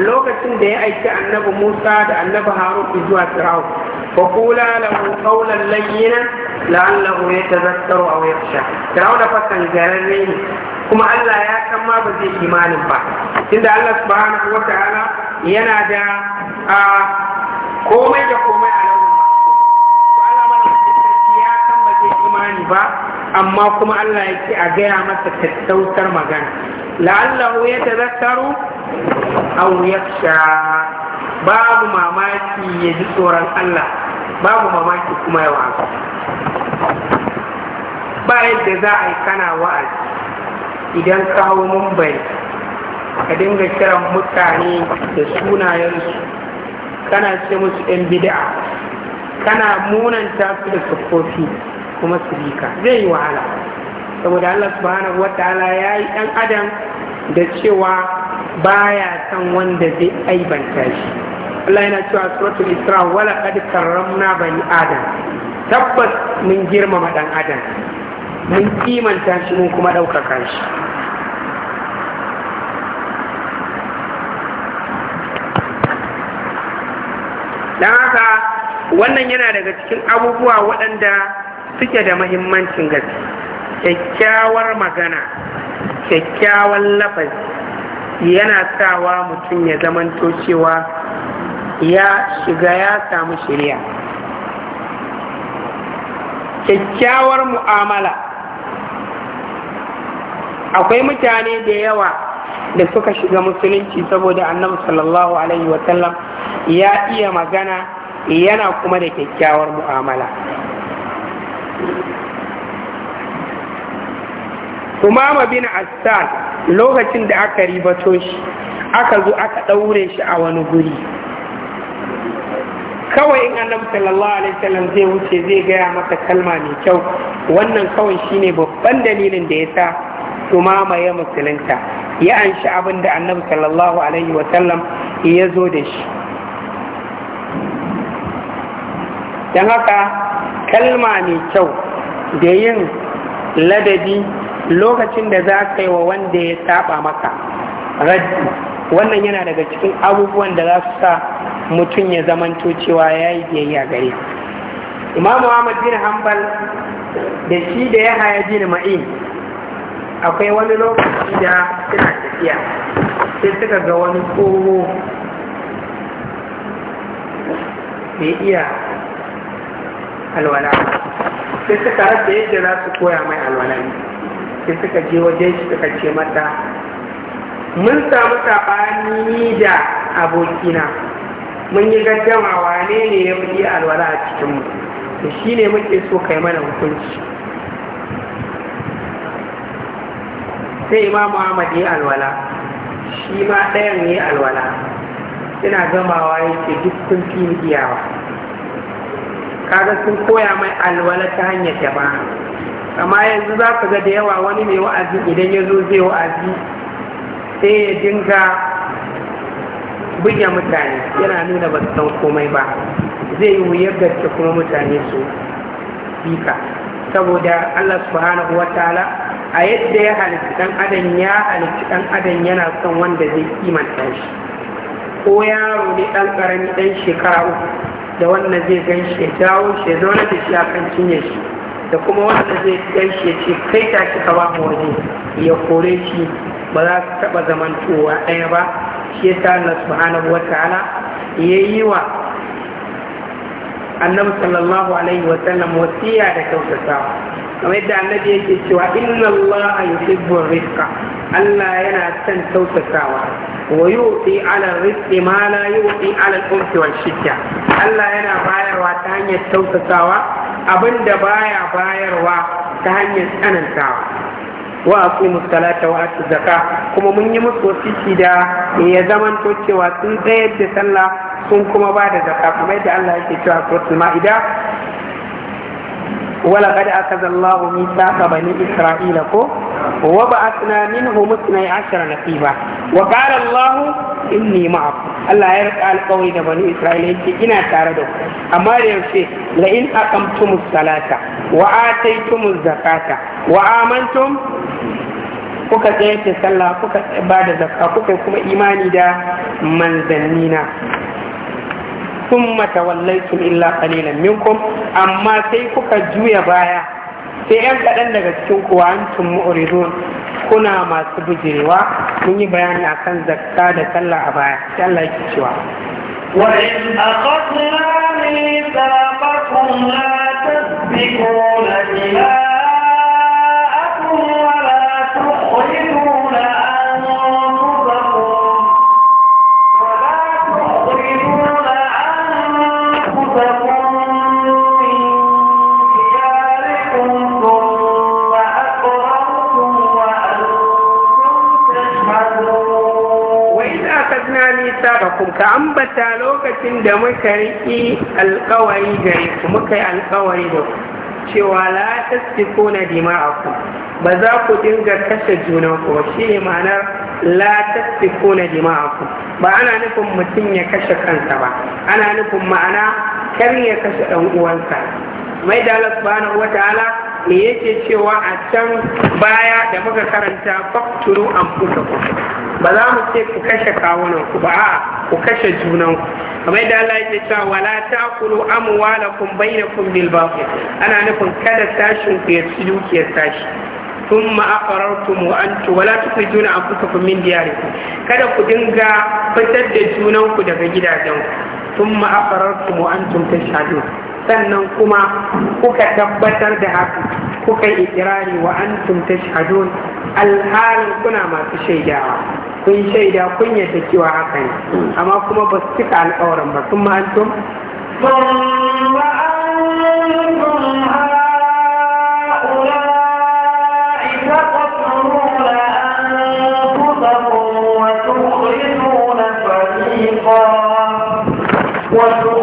lokacin da ya aiki annabi Musa da annabi Harun zuwa Fir'aun fa qula lahu qawlan layyinan la'allahu yatadhakkaru aw yakhsha Fir'aun fa kangararre ne kuma Allah ya san ma ba zai imanin ba tunda Allah subhanahu wataala yana da komai da komai a lauyin ba Allah mana ya san ba zai imani ba amma kuma Allah ya ce a gaya masa tattautar magana la'allahu ya tazakkaru aw yakhsha babu mamaki ya ji tsoron Allah babu mamaki kuma ya wasu ba yadda za a yi kana wa'azi idan ka mumbai ka dinga kiran mutane da sunayensu kana ce musu 'yan bid'a kana munanta su da sukofi kuma su zai yi wahala saboda Allah subhanahu wataala ya yi ɗan adam da cewa baya san wanda zai aibanta shi Allah yana cewa suratul Isra wala qad karramna bani adam tabbas mun girmama ɗan adam mun kimanta shi mun kuma ɗaukaka shi don haka wannan yana daga cikin abubuwa waɗanda suke da mahimmancin gaske kyakkyawar magana kyakkyawar lafazi yana sawa mutum ya zamanto cewa ya shiga ya samu shirya kyakkyawar mu'amala akwai mutane da yawa da suka shiga musulunci saboda annabi sallallahu alaihi wasallam ya iya magana yana kuma da kyakkyawar mu'amala umama bin asad lokacin da aka ribato shi aka zo aka ɗaure shi a wani guri kawai in annabi sallallahu alaihi wasallam zai wuce zai gaya maka kalma mai kyau wannan kawai shine babban dalilin da ya sa umama ya musulunta ya anshi abin da annabi sallallahu alaihi wasallam ya zo da shi dan haka kalma mai kyau da yin ladabi lokacin da za ka yi wa wanda ya saba maka raddi wannan yana daga cikin abubuwan da za su sa mutum ya zamanto cewa ya yi biyayya gare imamu ahmad bin hanbal da shi da ya haya bin ma'in akwai wani lokaci da suna tafiya sai suka ga wani tsoho mai iya alwala sai suka rasa yadda za su koya mai alwala sai suka je wajen shi suka ce mata mun samu saɓani da abokina mun yi gajjama, wane ne ya fi alwala a cikinmu da shi ne muke so kai mana hukunci sai imamu ahmad ya alwala shi ma ɗayan ya alwala suna gamawa yake duk kun fi iyawa kaga sun koya mai alwala ta hanyar ta ba amma yanzu za ka ga da yawa wani mai wa'azi idan ya zo zai wa'azi sai ya dinga buge mutane yana nuna ba su san komai ba zai yi wuyar gaske kuma mutane su fika saboda allah subhanahu wa ta'ala a yadda ya halitta dan adam ya halitta dan adam yana son wanda zai kimanta shi ko yaro ne dan karami dan shekara uku da wanda zai gan shi ya jawo shi ya zaune da shi akan cinye shi da kuma wanda zai gan shi ya ce kai ta shi ka ba mu waje ya kore shi ba za su taɓa zamantowa ɗaya ba shi ya sa Allah subhanahu wa ya yi wa annabi sallallahu alaihi wa sallam wasiya da kyautatawa kamar yadda annabi yake cewa inna Allah yuhibbu rizqa Allah yana son tausasawa wa yu'ti ala rizqi ma la yu'ti ala al wal shitta Allah yana bayarwa ta hanyar tausasawa abinda baya bayarwa ta hanyar tsanantawa wa aqimu salata wa atu kuma mun yi musu wasiki da ya zaman to cewa sun tsayar da sallah sun kuma ba da zakka kamar yadda Allah yake cewa a suratul ma'ida ولقد أخذ الله ميثاق بني إسرائيل وبعثنا منهم اثني عشر نقيبا وقال الله إني معكم الله يرقى القوي بني إسرائيل إنا تاردو أما يمشي لئن أقمتم الصلاة وآتيتم الزكاة وآمنتم kuka tsaye sallah kuka ba da zakka kuka kuma imani da manzannina ثم توليتم الا قليلا منكم اما sai kuka juya baya sai yan kaɗan daga cikin kuwa antum mu'ridun kuna masu bijirewa mun yi bayani akan zakka da sallah a baya sai Allah yake cewa وإذ أخذنا ميثاقكم لا تسبقون بلاد ka ambata lokacin da muka riƙi alkawari gare ku muka yi alkawari da ku cewa la tasfiku na ku, ba za ku dinga kashe ku ba shi ne ma'anar la ko na ku. ba ana nufin mutum ya kashe kansa ba ana nufin ma'ana kar ya kashe ɗan uwansa mai da Allah subhanahu wataala me yake cewa a can baya da muka karanta fakturu an fusa ba za mu ce ku kashe kawunan ku ba ku kashe junan ku kamar da Allah yake cewa wala taqulu amwalakum bainakum bil batil ana nufin kada tashin ku ya ci dukiyar tashi thumma aqrartum wa antum wala tukhrijuna anfusakum min diyarikum kada ku dinga fitar da junan ku daga gidajen ku thumma aqrartum wa antum tashhadun sannan kuma kuka tabbatar da haka kuka yi ikirari wa antum tashhadun alhalin kuna masu shaidawa kun shaida kun yadda cewa haka ne amma kuma ba su cika alƙawarin ba sun ma'antum وتخرجون فريقا وتخرجون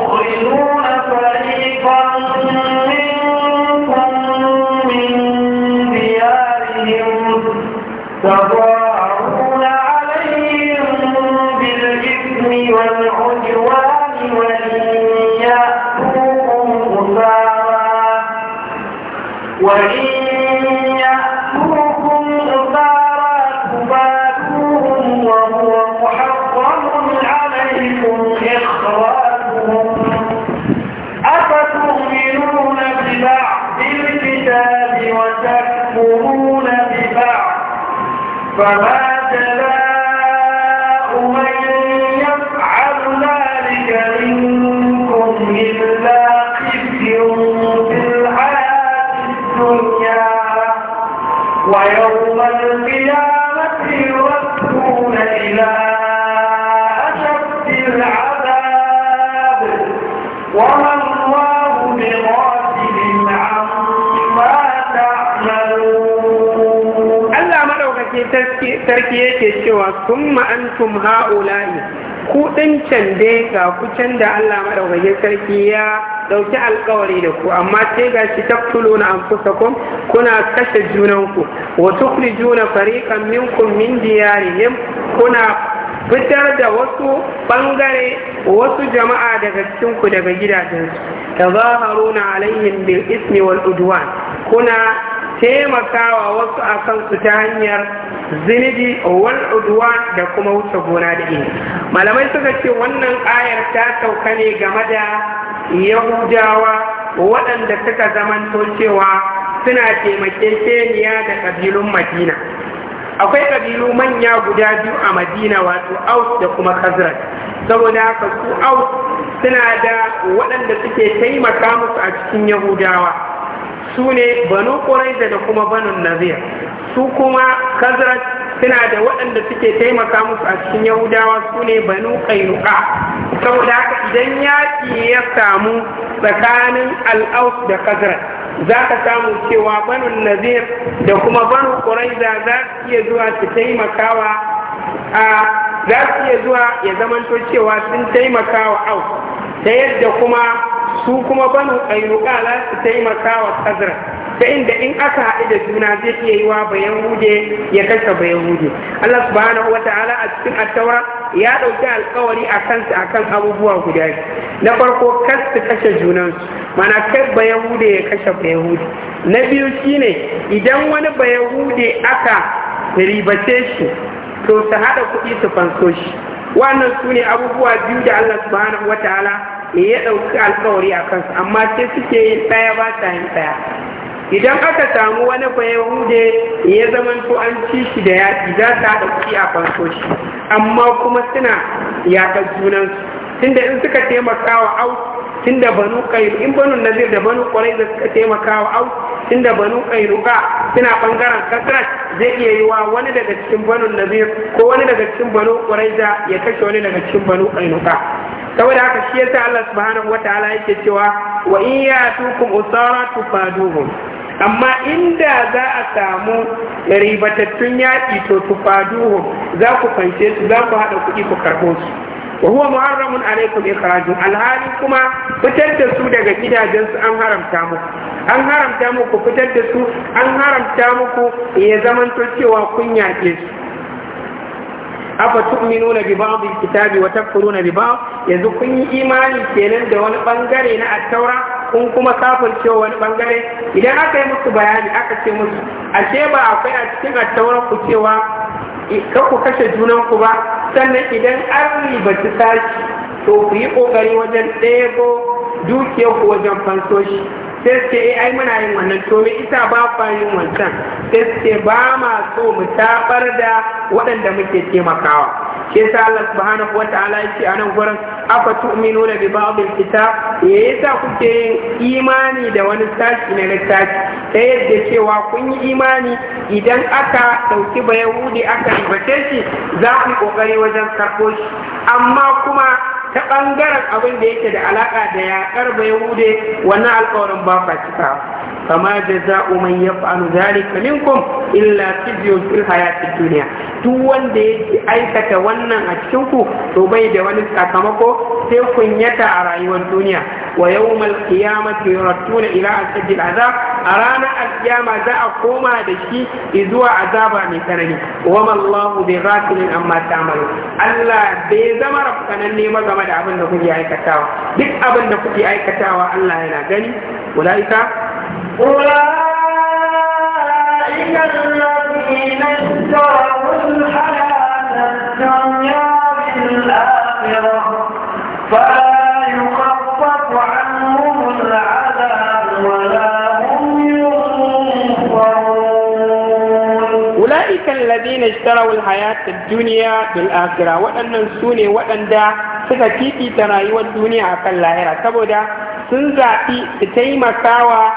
وما sarki yake cewa summa antum ha'ula'i ku din can dai ga ku can da Allah madaukakin sarki ya ɗauki alkawari da ku amma sai ga shi taqtuluna anfusakum kuna kashe junanku wa juna fariqan minkum min diyarihim kuna fitar da wasu ɓangare wasu jama'a daga cikinku daga gidajensu tazaharuna alaihim bil ismi wal udwan kuna taimakawa wasu a kansu ta hanyar zinidi, wal uduwa da kuma wuce gona da ini malamai suka ce wannan ayar ta sauka ne game da yahudawa waɗanda suka zamanto cewa suna keniya da ƙabilun madina akwai ƙabilu manya guda biyu a madina wato aus da kuma kazrat saboda haka su aus suna da waɗanda suke taimaka musu a cikin yahudawa su ne banu ƙuraiza da kuma banun nazir su kuma kazara suna da waɗanda suke taimaka musu a cikin yahudawa su ne banu ƙainuka saboda haka idan yaƙi ya samu tsakanin al'aus da kazara za ka samu cewa banu nazir da kuma banu ƙuraiza za su iya zuwa su taimakawa a za su iya zuwa ya zamanto cewa sun taimakawa aus ta yadda kuma su kuma banu kainuka za su taimaka wa khazra ta inda in aka haɗu da juna zai iya yi wa bayan hude ya kashe bayan hude Allah subhanahu wa ta'ala a cikin attaura ya ɗauki alkawari a kansu akan abubuwa guda na farko kas su kashe junansu mana kai bayan hude ya kashe bayan hude na biyu shine idan wani bayan hude aka ribace shi to su haɗa kuɗi su fanso shi wannan su ne abubuwa biyu da Allah subhanahu wa ta'ala me ya ɗauki alkawari a kansu amma sai suke yin ɗaya ba sa yin ɗaya idan aka samu wani bayahude ya zama to an ci shi da yaƙi za ta haɗa kuɗi a fanso shi amma kuma suna yaƙa junansu tunda in suka taimaka wa au tunda banu kairu in banu nazir da banu kwarai da suka taimaka wa au tunda banu kairuka suna ɓangaren kasrat zai iya yi wa wani daga cikin banu nazir ko wani daga cikin banu kwarai da ya kashe wani daga cikin banu kairuka saboda haka shi yasa Allah subhanahu wataala yake cewa wa in yatukum usara tufaduhum amma inda za a samu ribatattun yaki to tufaduhum za ku fanshe su za ku haɗa kuɗi ku karɓo su wa huwa muharramun alaikum ikhraju alhali kuma fitar da su daga gidajensu an haramta muku an haramta muku fitar da su an haramta muku ya zamanto cewa kun yaƙe su afa tu'minuna bi ba'd al-kitabi wa takfuruna bi ba'd yanzu kun yi imani kenan da wani bangare na at-taura kun kuma kafin cewa wani bangare idan aka yi musu bayani aka ce musu ashe ba akwai a cikin at-taura ku cewa ka ku kashe junan ku ba sannan idan an ribaci sashi to ku yi kokari wajen ɗebo dukiyar ku wajen fansoshi sai suke yi eh, ai muna yin wannan to me isa ba fa yin wancan sai suke ba ma so mu tabar da waɗanda muke taimakawa shi yasa Allah subhanahu wata'ala yake a nan gurin afa da bi ba'd al-kitab ya yasa kuke yin imani da wani sashi na littafi ta yadda cewa kun yi imani idan aka dauki bayahudi aka ribace shi za ku kokari wajen karbo shi amma kuma ta ɓangaren abin da yake da alaƙa da yaƙar bai hude wannan alƙawarin ba ka cika kama da za ya man yaf'alu zalika minkum illa khizyun fil hayatid dunya duk wanda yake aikata wannan a cikin ku to bai da wani sakamako sai kunyata a rayuwar duniya ويوم القيامة يردون إلى أشد العذاب أرانا القيامة ذا أقوم هذا الشيء إذوا عذاب من وما الله بغافل أما تعملوا ألا بيزم ربنا اللي ما زمد أبن نفسي أي كتاوة بك أبن نفسي أي كتاوة ألا هنا جني أولئك أولئك الذين اشتروا الحياة الدنيا بالآخرة فلا alladhina ishtaraw alhayata ad-dunya bil waɗannan sune waɗanda suka fifita rayuwar duniya akan lahira saboda sun zaɓi su taimakawa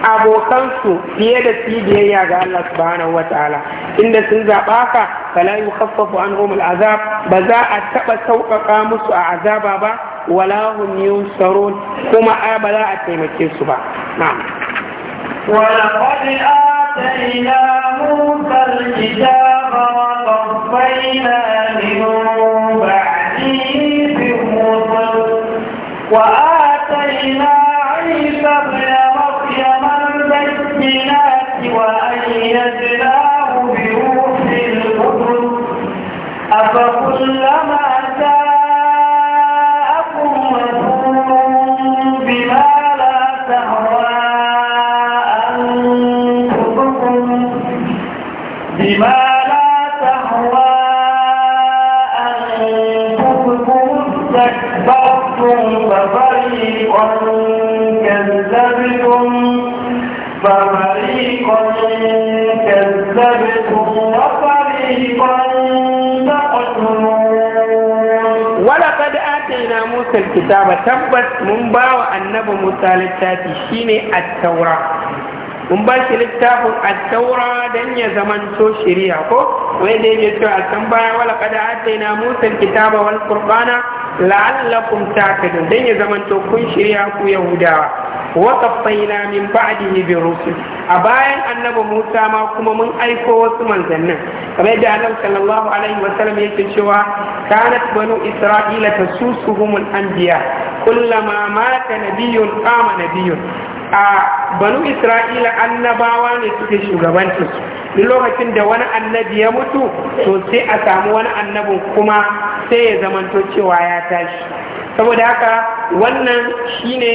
abokansu fiye da su biyayya ga Allah subhanahu wa ta'ala inda sun zaɓa ka fala yukhaffafu anhum al'azab ba za a taɓa sauƙaƙa musu a azaba ba wala hum yunsarun kuma ba za a taimake su ba na'am وآتينا موسى الكتاب وقفينا من بعده في الرسل وآتينا عيسى ابن مريم البينات وأيدناه بروح القدس أفكلما ففريقا كذبتم mun ba wa annabi musa littafi shine من باوى mun ba shi littafin attaura don ya zamanto shari'a ko wai dai yake cewa a can baya wala kada ataina musa kitaba wal qur'ana la'allakum taqilun don ya zamanto kun shari'a ku yahudawa وقفينا من بعده برسل أباين أنب موسى ما كما من أيكو وسمن زنن كما يدعى النبي صلى الله عليه وسلم يتشوى كانت بنو إسرائيل تسوسهم الأنبياء كلما مات نبي قام نبي a banu isra'ila annabawa ne suke shugabanci, su lokacin da wani annabi ya mutu to sai a samu wani annabin kuma sai ya zamanto cewa ya tashi saboda haka wannan shine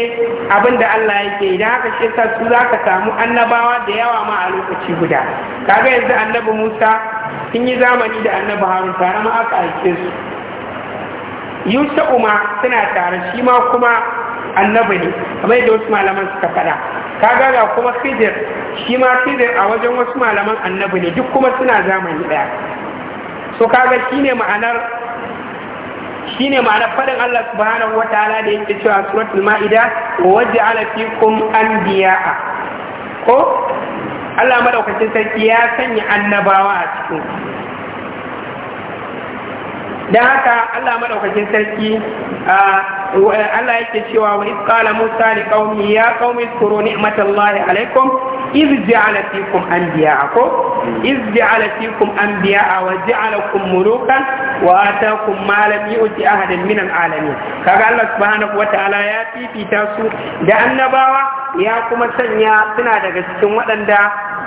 abin da Allah yake idan haka shi sa su za ka samu annabawa da yawa ma a lokaci guda kaga yanzu annabi Musa sun yi zamani da annabi Harun tare ma aka aike su Yusuf ma suna tare shi ma kuma annabi ne kamar yadda wasu malaman suka faɗa ka ga kuma khidir shi ma a wajen wasu malaman annabi ne duk kuma suna zamani ɗaya so kaga shine ma'anar shine ma'anar fadin Allah subhanahu wataala da yake cewa suratul ma'ida wa an fikum anbiya'a ko Allah madaukakin sarki ya sanya annabawa a cikin Da haka Allah madaukakin sarki Allah yake cewa wa isqala Musa li qaumi ya qaumi zkuru ni'matallahi alaikum iz ja'ala fikum anbiya'a ko iz ja'ala fikum anbiya'a wa ja'alakum mulukan wa atakum ma lam yu'ti ahadan min al'alamin kaga Allah subhanahu wata'ala ya fifita su da annabawa ya kuma sanya suna daga cikin waɗanda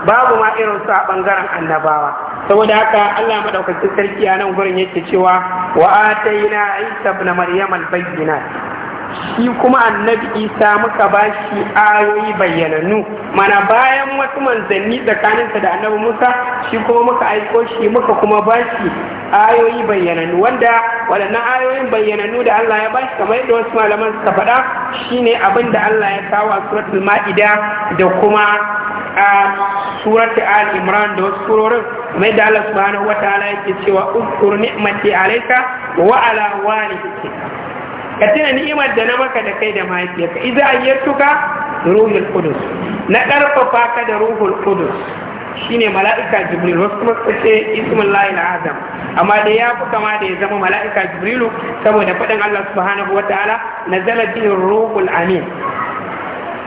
babu ma irin su a bangaren annabawa saboda haka Allah madaukakin sarki a nan gurin yake cewa وآتينا عيسى ابن مريم البينات shi kuma annabi isa muka bashi shi ayoyi bayyananu mana bayan wasu manzanni tsakaninsa da annabi musa shi kuma muka aiko shi muka kuma bashi ayoyi bayyananu wanda waɗannan ayoyin bayyananu da allah ya bashi kamar yadda wasu malaman suka faɗa shine abin da allah ya kawo a suratul ma'ida da kuma a surat al imran da wasu surorin mai da Allah subhanahu wa ta'ala yake cewa uzkur ni'mati alayka wa ala walidika ka tuna ni'imar da na maka da kai da mahaifiyarka idza ayyatuka ruhul qudus na karfafa ka da ruhul qudus shine mala'ika jibril wasu kuma suka ce azam amma da ya fi kama da ya zama mala'ika jibrilu saboda faɗin Allah subhanahu wa ta'ala zala bihi ruhul amin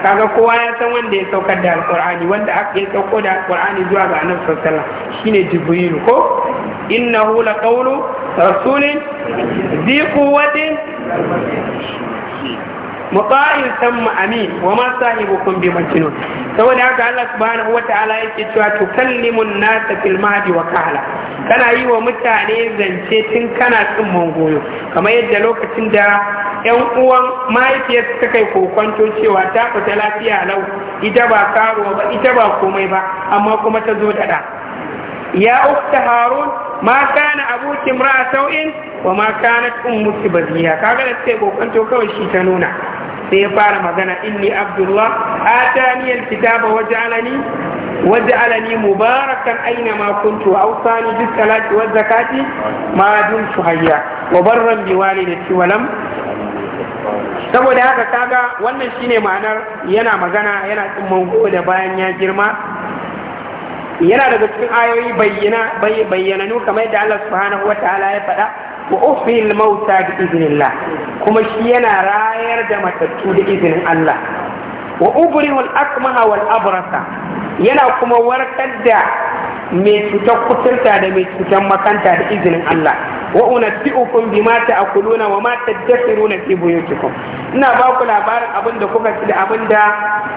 kaga kowa ya san wanda ya saukar da alkur'ani wanda aka ya sauko da alkur'ani zuwa ga annabi sallallahu alaihi wasallam shine jibril ko innahu qawlu rasulin dhi quwwatin muqa'in mu amin wa ma sahibukum bi majnun saboda haka Allah subhanahu wata'ala yake cewa kallimun nasa fil mahdi wa kahla kana yi wa mutane zance tun kana cin mangoyo kamar yadda lokacin da yan uwan mahaifiyar suka kai kokonto cewa ta fita lafiya lau ita ba karo ba ita ba komai ba amma kuma ta zo da ya ukta harun ma kana abuki imra'a sau'in wa ma kanat ummuki baziya kaga da sai kokanto kawai shi ta nuna sai ya fara magana inni abdullah atani alkitaba waj'alani waj'alani mubarakan aina ma kuntu wa awsani bis salati waz zakati ma dumtu hayya wa barran bi walidati wa lam saboda haka kaga wannan shine ma'anar yana magana yana tsimman da bayan ya girma yana daga cikin ayoyi bayyana bayyananu kamar yadda Allah subhanahu wa ta'ala ya faɗa wa ufil mauta bi iznillah kuma shi yana rayar da matattu da izinin Allah wa ubrihul akmaha wal abrasa yana kuma warkar da mai cutar kuturta da mai cutar makanta da izinin Allah wa unabbi'ukum bima ta'kuluna wa ma tadakhiruna fi buyutikum ina ba ku labarin abin da kuka ci da abin da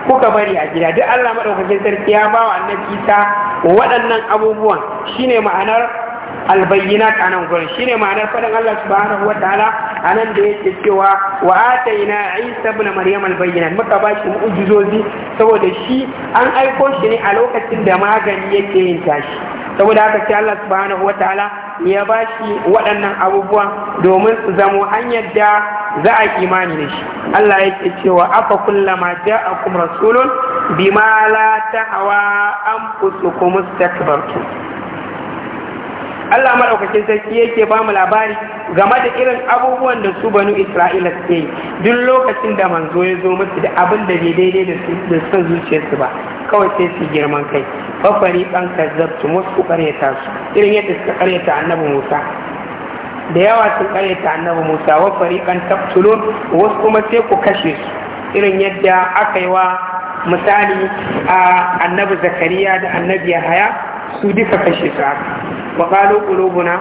kuka bari a gida duk Allah madaukakin sarki ya ba wa annabi Isa waɗannan abubuwan shine ma'anar albayyinat anan gurin shine ma'anar faɗin Allah subhanahu wa ta'ala anan da yake cewa wa ataina isa ibn maryam albayyinat muka ba shi mu'jizozi saboda shi an aiko shi ne a lokacin da magani yake yin tashi saboda haka sai Allah subhanahu wataala ya ba shi waɗannan abubuwa domin su zamo hanyar da za a imani da shi Allah yake cewa afa kullama ja'akum rasulun bima la tahawa anfusukum istakbartum Allah madaukakin sarki yake ba mu labari game da irin abubuwan da su banu isra'ila suke yi duk lokacin da manzo ya zo musu da abin da bai daidai da son zuciyarsu ba kawai sai su girman kai fafari ɗan kazzabtu musu karyata su irin yadda suka karyata annabi musa da yawa sun karyata annabi musa wa ɗan taftulun wasu kuma sai ku kashe su irin yadda aka yi wa misali a annabi zakariya da annabi yahaya su duka kashe su aka, wa qalu qulubuna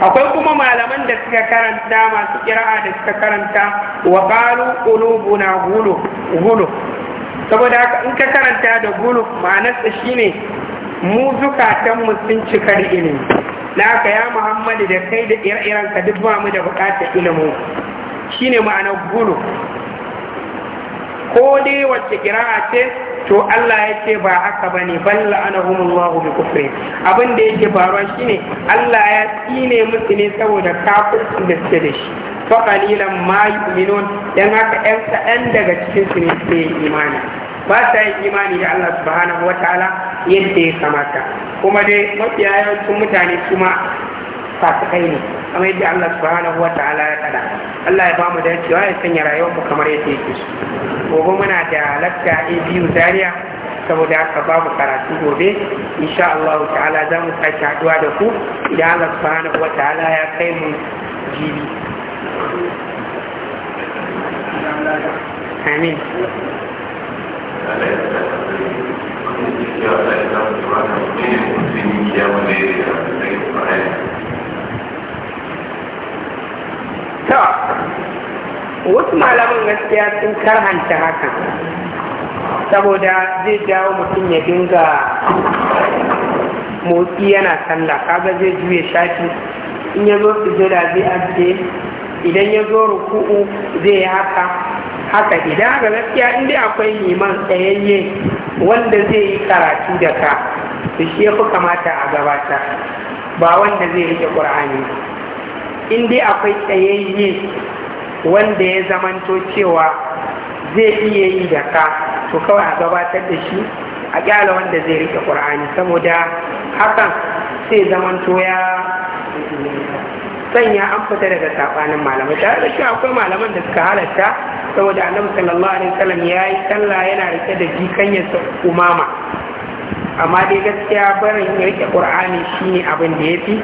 akwai kuma malaman da suka karanta masu kira'a da suka karanta wa ƙalu ƙulubu na gulu saboda haka in ka karanta da gulu ma'anarsa shine mu zukatanmu sun cika da ilimi Na haka ya muhammadu da kai da ire-iren ka duk ba mu da bukatar Shi shine ma'anar gulu ko dai wacce kira'a ce to Allah ya ce ba haka ba ne balla anahumullahu bi kufri abin da yake faruwa shine Allah ya tsine musu ne saboda kafircin da suke da shi fa qalilan ma yu'minun dan haka ɗan kaɗan daga cikin su ne suke imani ba sa yin imani da Allah subhanahu wataala yadda ya kamata kuma dai mafiya yawancin mutane kuma fasikai ne kamar yadda Allah subhanahu wata'ala ya kada Allah ya bamu da cewa ya sanya rayuwar mu kamar yadda yake gobe muna da lakta a biyu zaria saboda haka babu karatu gobe insha Allah ta'ala za mu sake haduwa da ku idan Allah subhanahu wata'ala ya kai mu jibi amin Thank you. to wasu malaman gaskiya sun karhanta hakan saboda zai jawo mutum ya dinga motsi yana sallah kaga zai juya shafi in ya zo su jira zai ajiye idan ya zo ruku'u zai yi haka haka idan ga gaskiya in dai akwai liman tsayayye wanda zai yi karatu da ka to shi ya fi kamata a gabata ba wanda zai rike ƙur'ani in dai akwai tsayayye wanda ya zamanto cewa zai iya yi da ka to kawai a gabatar da shi a kyala wanda zai rike ƙur'ani saboda hakan sai zamanto ya sanya an fita daga saɓanin malamai tare da shi akwai malaman da suka halatta saboda annabi sallallahu alaihi wasallam ya yi sallah yana rike da jikanyar umama amma dai gaskiya barin ya rike qur'ani shine abin da yafi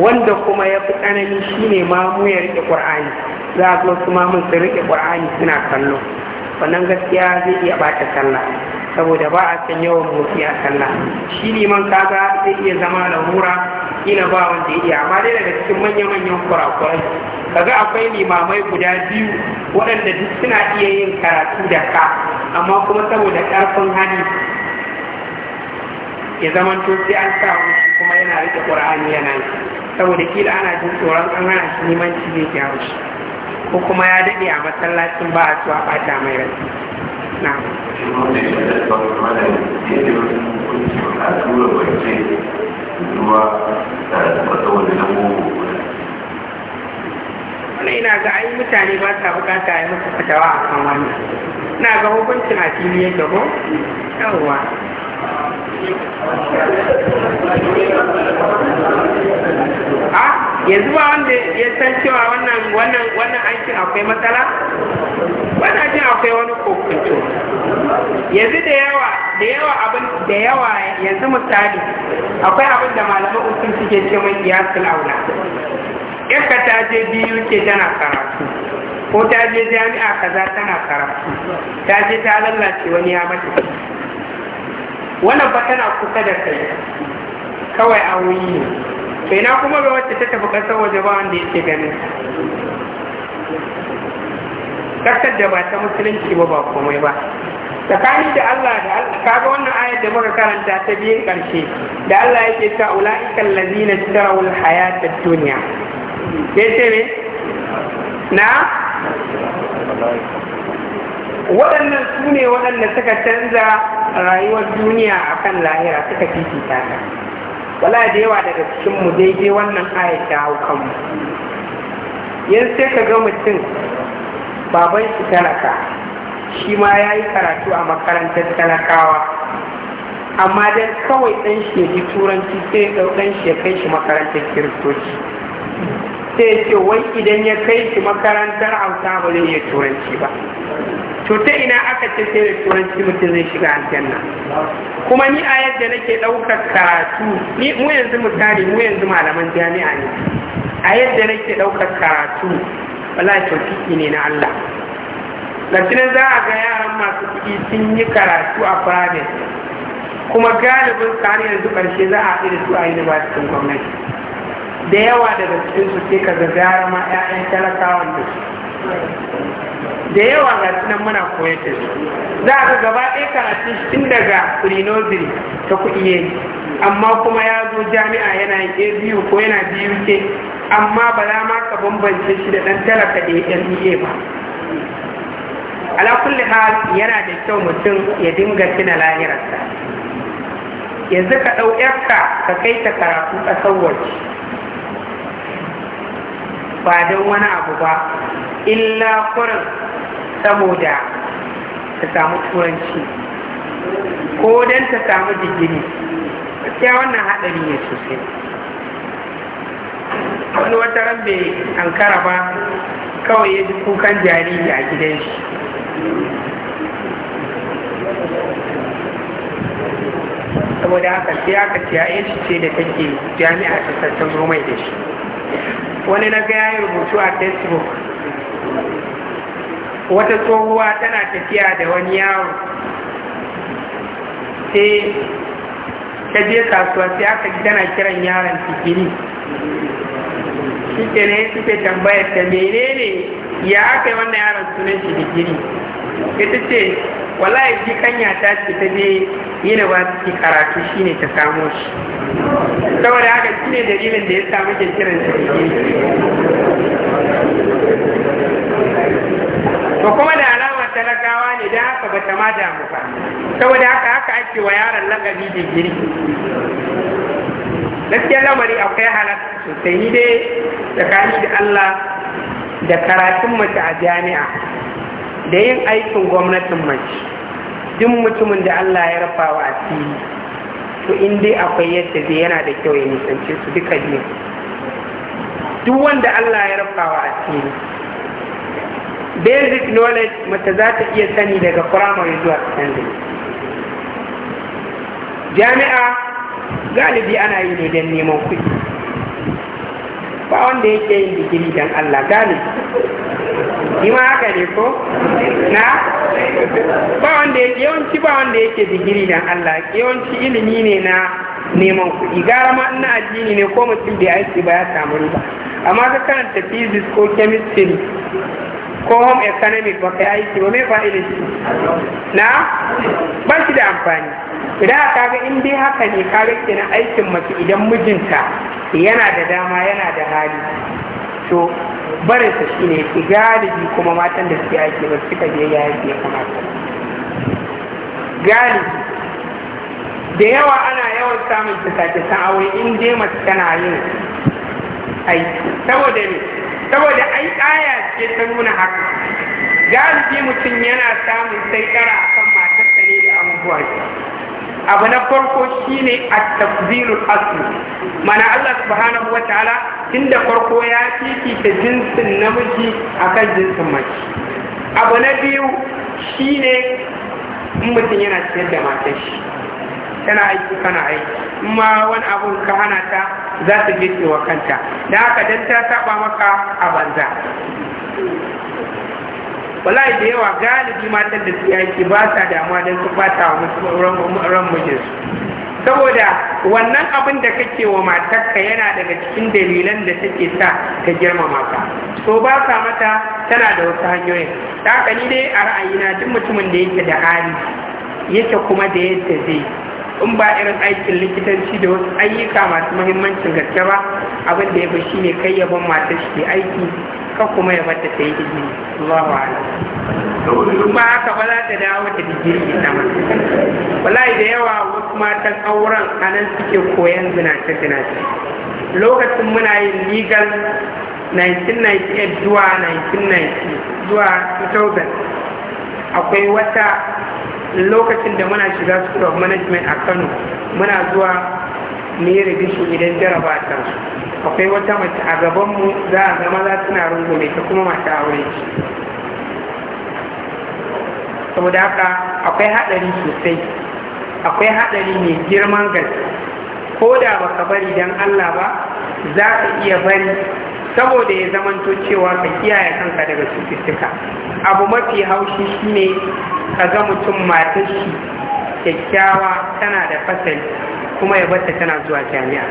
wanda kuma ya fi tsanani shine ma mu ya rike qur'ani za a zo kuma mun su rike qur'ani suna kallo wannan gaskiya zai iya bata sallah saboda ba a san yawan motsi a sallah shi liman kaga zai iya zama da hura ina ba wanda ya iya amma dai daga cikin manya-manyan kurakurai kaga akwai limamai guda biyu waɗanda duk suna iya yin karatu da ka amma kuma saboda ƙarfin hali ya zaman to sai an sa wuce kuma yana rike ƙura'ani yana yi saboda kila ana jin tsoron an hana shi limanci zai jawo shi ko kuma ya daɗe a masallacin ba a zuwa bata mai rasu na Wani ina ga ayi mutane ba sa bukata ya musu fitawa a kan wannan ina ga hukuncin a fili yadda ko yawwa Ah, yanzu ba wanda ya san cewa wannan wannan wannan aikin akwai matsala wannan aikin akwai wani kokoto yanzu da yawa da yawa abin da yawa yanzu misali akwai abin da malaman usul suke ce mai iyasul aula in ka ta je biyu ke tana karatu ko ta je jami'a kaza tana karatu ta je ta lallace wani ya mace. wannan ba tana kusa da kai kawai a wuyi ne to ina kuma ga wacce ta tafi kasar waje ba wanda yake ganin ƙasar da ba ta musulunci ba ba komai ba tsakani da Allah da kaga wannan ayar da muka karanta ta biyun karshe da Allah yake ta ulaiikal ladina tarawul hayatad dunya sai sai na waɗannan su ne waɗanda suka canza rayuwar duniya a kan lahira suka fifita ta wala da yawa daga mu daidai wannan aya ta hau kanmu yan sai ka ga mutum baban shi talaka shi ma ya yi karatu a makarantar talakawa amma dan kawai ɗan shi ya ji turanci sai ya ɗau shi ya kai shi makarantar kiristoci sai ya ce wai idan ya kai shi makarantar hausa ba zai iya turanci ba to ina aka ce sai da turanci mutum zai shiga aljanna kuma ni a yadda nake ɗaukar karatu ni mu yanzu misali mu yanzu malaman jami'a ne a yadda nake ɗaukar karatu wala kiki ne na Allah lantinan za a ga yaran masu kuɗi sun yi karatu a private kuma galibin har yanzu ƙarshe za a haɗu da su a yunibasitin gwamnati da yawa daga cikin su ce ka yara ma 'ya'yan talakawan da su da yawa ga sunan muna koyar da su za a ga gaba ɗaya karatu tun daga rinoziri ta kuɗi ya yi amma kuma ya zo jami'a yana yin biyu ko yana biyu ke amma ba za ma ka bambance shi da ɗan talaka da ya ɗan ba ala kulli hal yana da kyau mutum ya dinga tuna lahirarsa yanzu ka ɗau ka kai ta karatu ƙasar waje ba don wani abu ba illa kurin saboda ta samu turanci ko don ta samu digiri gaskiya wannan haɗari ne sosai wani wata rambe an kara ba kawai ya ji kukan jariri a gidan shi saboda haka sai aka ce ya ce da take jami'a ta sassan zo da shi wani na ga yayi rubutu a facebook wata tsohuwa tana tafiya da wani yawo sai ta je kasuwa sai aka ji tana kiran yaron tikiri shi ke ne suke tambayar ta menene ya aka yi wannan yaron sunan shi digiri ita ce wallahi kanya ta ce ta je ke karatu shi ne ta samo shi saboda haka ne dalilin da ya samu ke kiran ne ba kuma da alamar talakawa ne don haka ba ta ma damu ba saboda haka haka ake wa yaron lakabi da girki gaskiya lamari akwai halatta sosai ni dai tsakani da Allah da karatun mace a jami'a da yin aikin gwamnatin mace duk mutumin da Allah ya rafa wa asiri to in akwai yadda zai yana da kyau ya nisance su duka biyu duk wanda Allah ya rafa wa asiri basic knowledge mace za ta iya sani daga firamare zuwa secondary jami'a galibi ana yi ne don neman kuɗi ba wanda yake yin digiri don Allah galibi ima haka ne ko na ba wanda yawanci ba wanda yake digiri dan Allah yawanci ilimi ne na neman kuɗi gara ma ina addini ne ko mutum ya aiki ba ya samu riba amma ka karanta physics ko chemistry ko home economics ba kai aiki ba mai fa'ilin shi na ba shi da amfani idan aka ga in dai haka ne ka ga kenan aikin mace idan mijinta yana da dama yana da hali to su shi ne su galibi kuma matan da suke ake ba suka ya yake ya kamata galibi da yawa ana yawan samun kisa-kisan aure in je mace tana yin aiki saboda ne saboda ai aya ce ta nuna haka galibi mutum yana samun sai kara akan matarsa ne da abubuwan abu na farko shine at-tafdilul asli mana Allah subhanahu wataala tunda farko ya fifita jinsin namiji akan jinsin mace abu na biyu shine in mutum yana ciyar da matar shi tana aiki kana aiki ma wani abun ka hana ta za ta je wa kanta da haka dan ta saba maka a banza wallahi da yawa galibi matan da su yaki ba sa damuwa don su fata wa ran mijinsu saboda wannan abin da kake wa matarka yana daga cikin dalilan da take sa ta girmama ka so ba sa mata tana da wasu hanyoyin da ni dai a ra'ayina duk mutumin da yake da hali yake kuma da yadda zai in ba irin aikin likitanci da wasu ayyuka masu mahimmancin gaske ba abin da ya fi ne kai yaban matar shi aiki ka kuma ya bata ta yi digiri Allahu in ba haka ba za ta dawo da digiri ita ma wallahi da yawa wasu matan auren anan suke koyan zinace zinace lokacin muna yin legal 1998 zuwa 1990 zuwa 2000 akwai wata lokacin da muna shiga school of management a kano muna zuwa ne su idan jaraba ta akwai wata mace a gabanmu za a zama za suna rungume ta kuma mata aure saboda haka akwai haɗari sosai akwai haɗari mai girman gaske ko da baka bari don allah ba za ka iya bari saboda ya zamanto cewa ka kiyaye kanka daga cututtuka abu mafi haushi shine ka ga mutum matar shi kyakkyawa tana da fasali kuma ya bata tana zuwa jami'a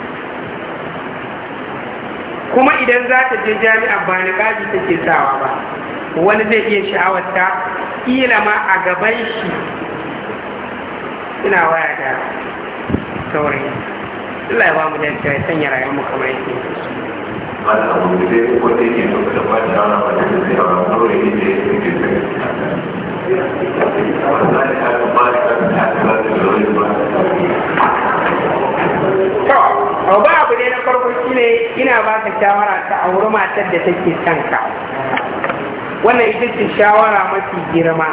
kuma idan za ta je jami'a ba ni gaji take sawa ba wani zai iya sha'awarta kila ma a gaban shi ina waya da saurayi Allah ya ba mu dace ya sanya rayuwar mu kamar yake Allah ya da to ba abu ne na farko shine ina ba ka shawara ta auri matar da take son ka wannan ita ce shawara mafi girma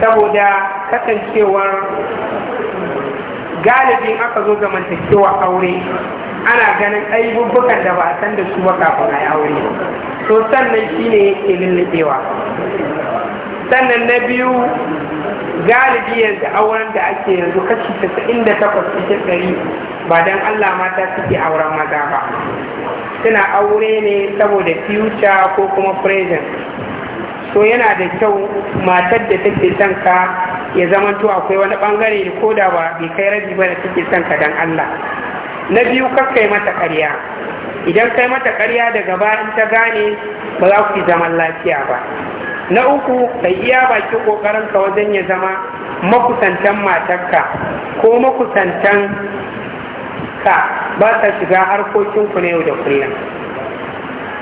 saboda kasancewar galibin aka zo zamantakewa aure ana ganin aibubbukan da ba san da su ba kafin a aure to sannan shine yake sannan na biyu galibi yanzu auren da ake yanzu kashi casa'in da takwas cikin ɗari ba don allah mata suke auren maza ba suna aure ne saboda future ko kuma present so yana da kyau matar da take son ka ya zamanto akwai wani bangare ko da ba bai kai rabi ba da take son ka don allah na biyu kai mata karya idan kai mata karya daga bayan ta gane ba za ku yi zaman lafiya ba na uku kai iya bakin ƙoƙarinka wajen ya zama makusantan matarka ko makusantan ka ba ta shiga harkokinku na yau da kullum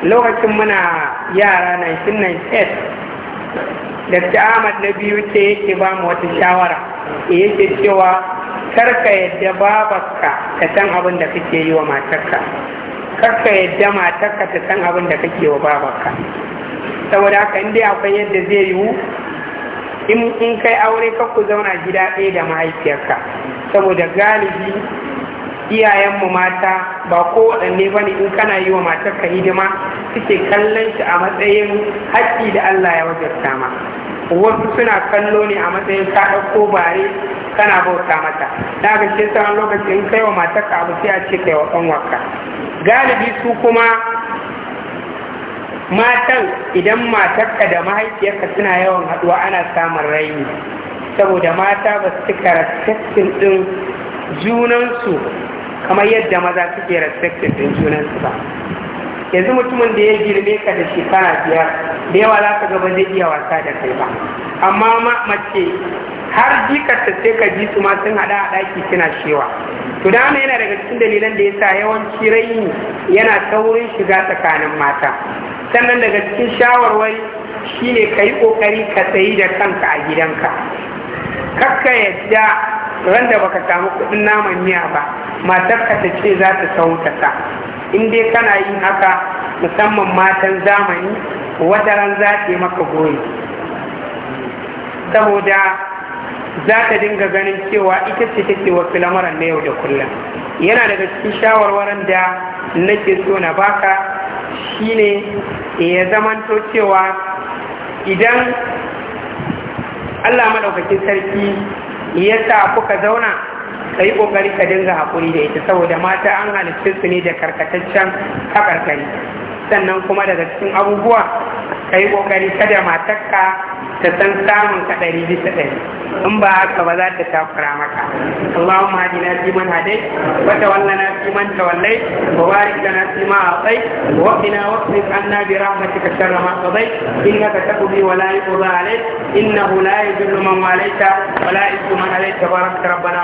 lokacin muna yara 1998 Dakta Ahmad na biyu ce yake ba mu wata shawara e, yake cewa karka yadda babarka ta san abin da kake yi wa matarka karka yadda matarka ta san abin da kake wa babarka saboda haka in dai akwai yadda zai yiwu in kai aure ka ku zauna gida ɗaya da mahaifiyarka saboda galibi iyayenmu mata ba kowaɗanne ba ne in kana yi wa matarka hidima suke kallon shi a matsayin haƙƙi da Allah ya wajarta ma wasu suna kallo ne a matsayin ka ɗauko bare kana bauta mata da ga shi sanar lokaci in kai wa matarka abu sai a ce kai wa wanka galibi su kuma matan idan matarka da mahaifiyarka suna yawan haɗuwa ana samun raini saboda mata ba su cika ɗin junansu kamar yadda maza suke respected din junansu ba yanzu mutumin da ya girme ka da shekara biyar da yawa za ka ba zai iya wasa da kai ba amma mace har jikarta sai ka ji su ma sun haɗa a ɗaki suna shewa to da yana daga cikin dalilan da ya sa yawanci raini yana saurin shiga tsakanin mata sannan daga cikin shawarwari shine ka yi ƙoƙari ka tsayi da kanka a gidanka kakka yadda Randa da baka samu kuɗin naman miya ba matar ka ta ce za ta sautata in dai kana yin haka musamman matan zamani wata ran za ta yi maka goyi saboda za ta dinga ganin cewa ita ce take wasu lamarin na yau da kullum yana daga cikin shawarwaran da nake so na baka shine ya zamanto cewa idan allah maɗaukakin sarki yasa kuka zauna kayi kokari ƙoƙari ka dinga haƙuri da ita saboda mata an halittun su ne da karkataccen kakarkari sannan kuma daga cikin abubuwa ka yi ƙoƙari kada matakka ta san samun ka ɗari bisa ɗari in ba haka ba za ta takura maka Allahumma hadina fi man hadai wa tawallana fi man tawallai wa barik na fi ma atai wa qina wasrif anna bi rahmatika sharra ma qadai ka taqdi wa la yuqda alayk innahu la yudhillu man walayta wa la yudhillu man alayta barakta rabbana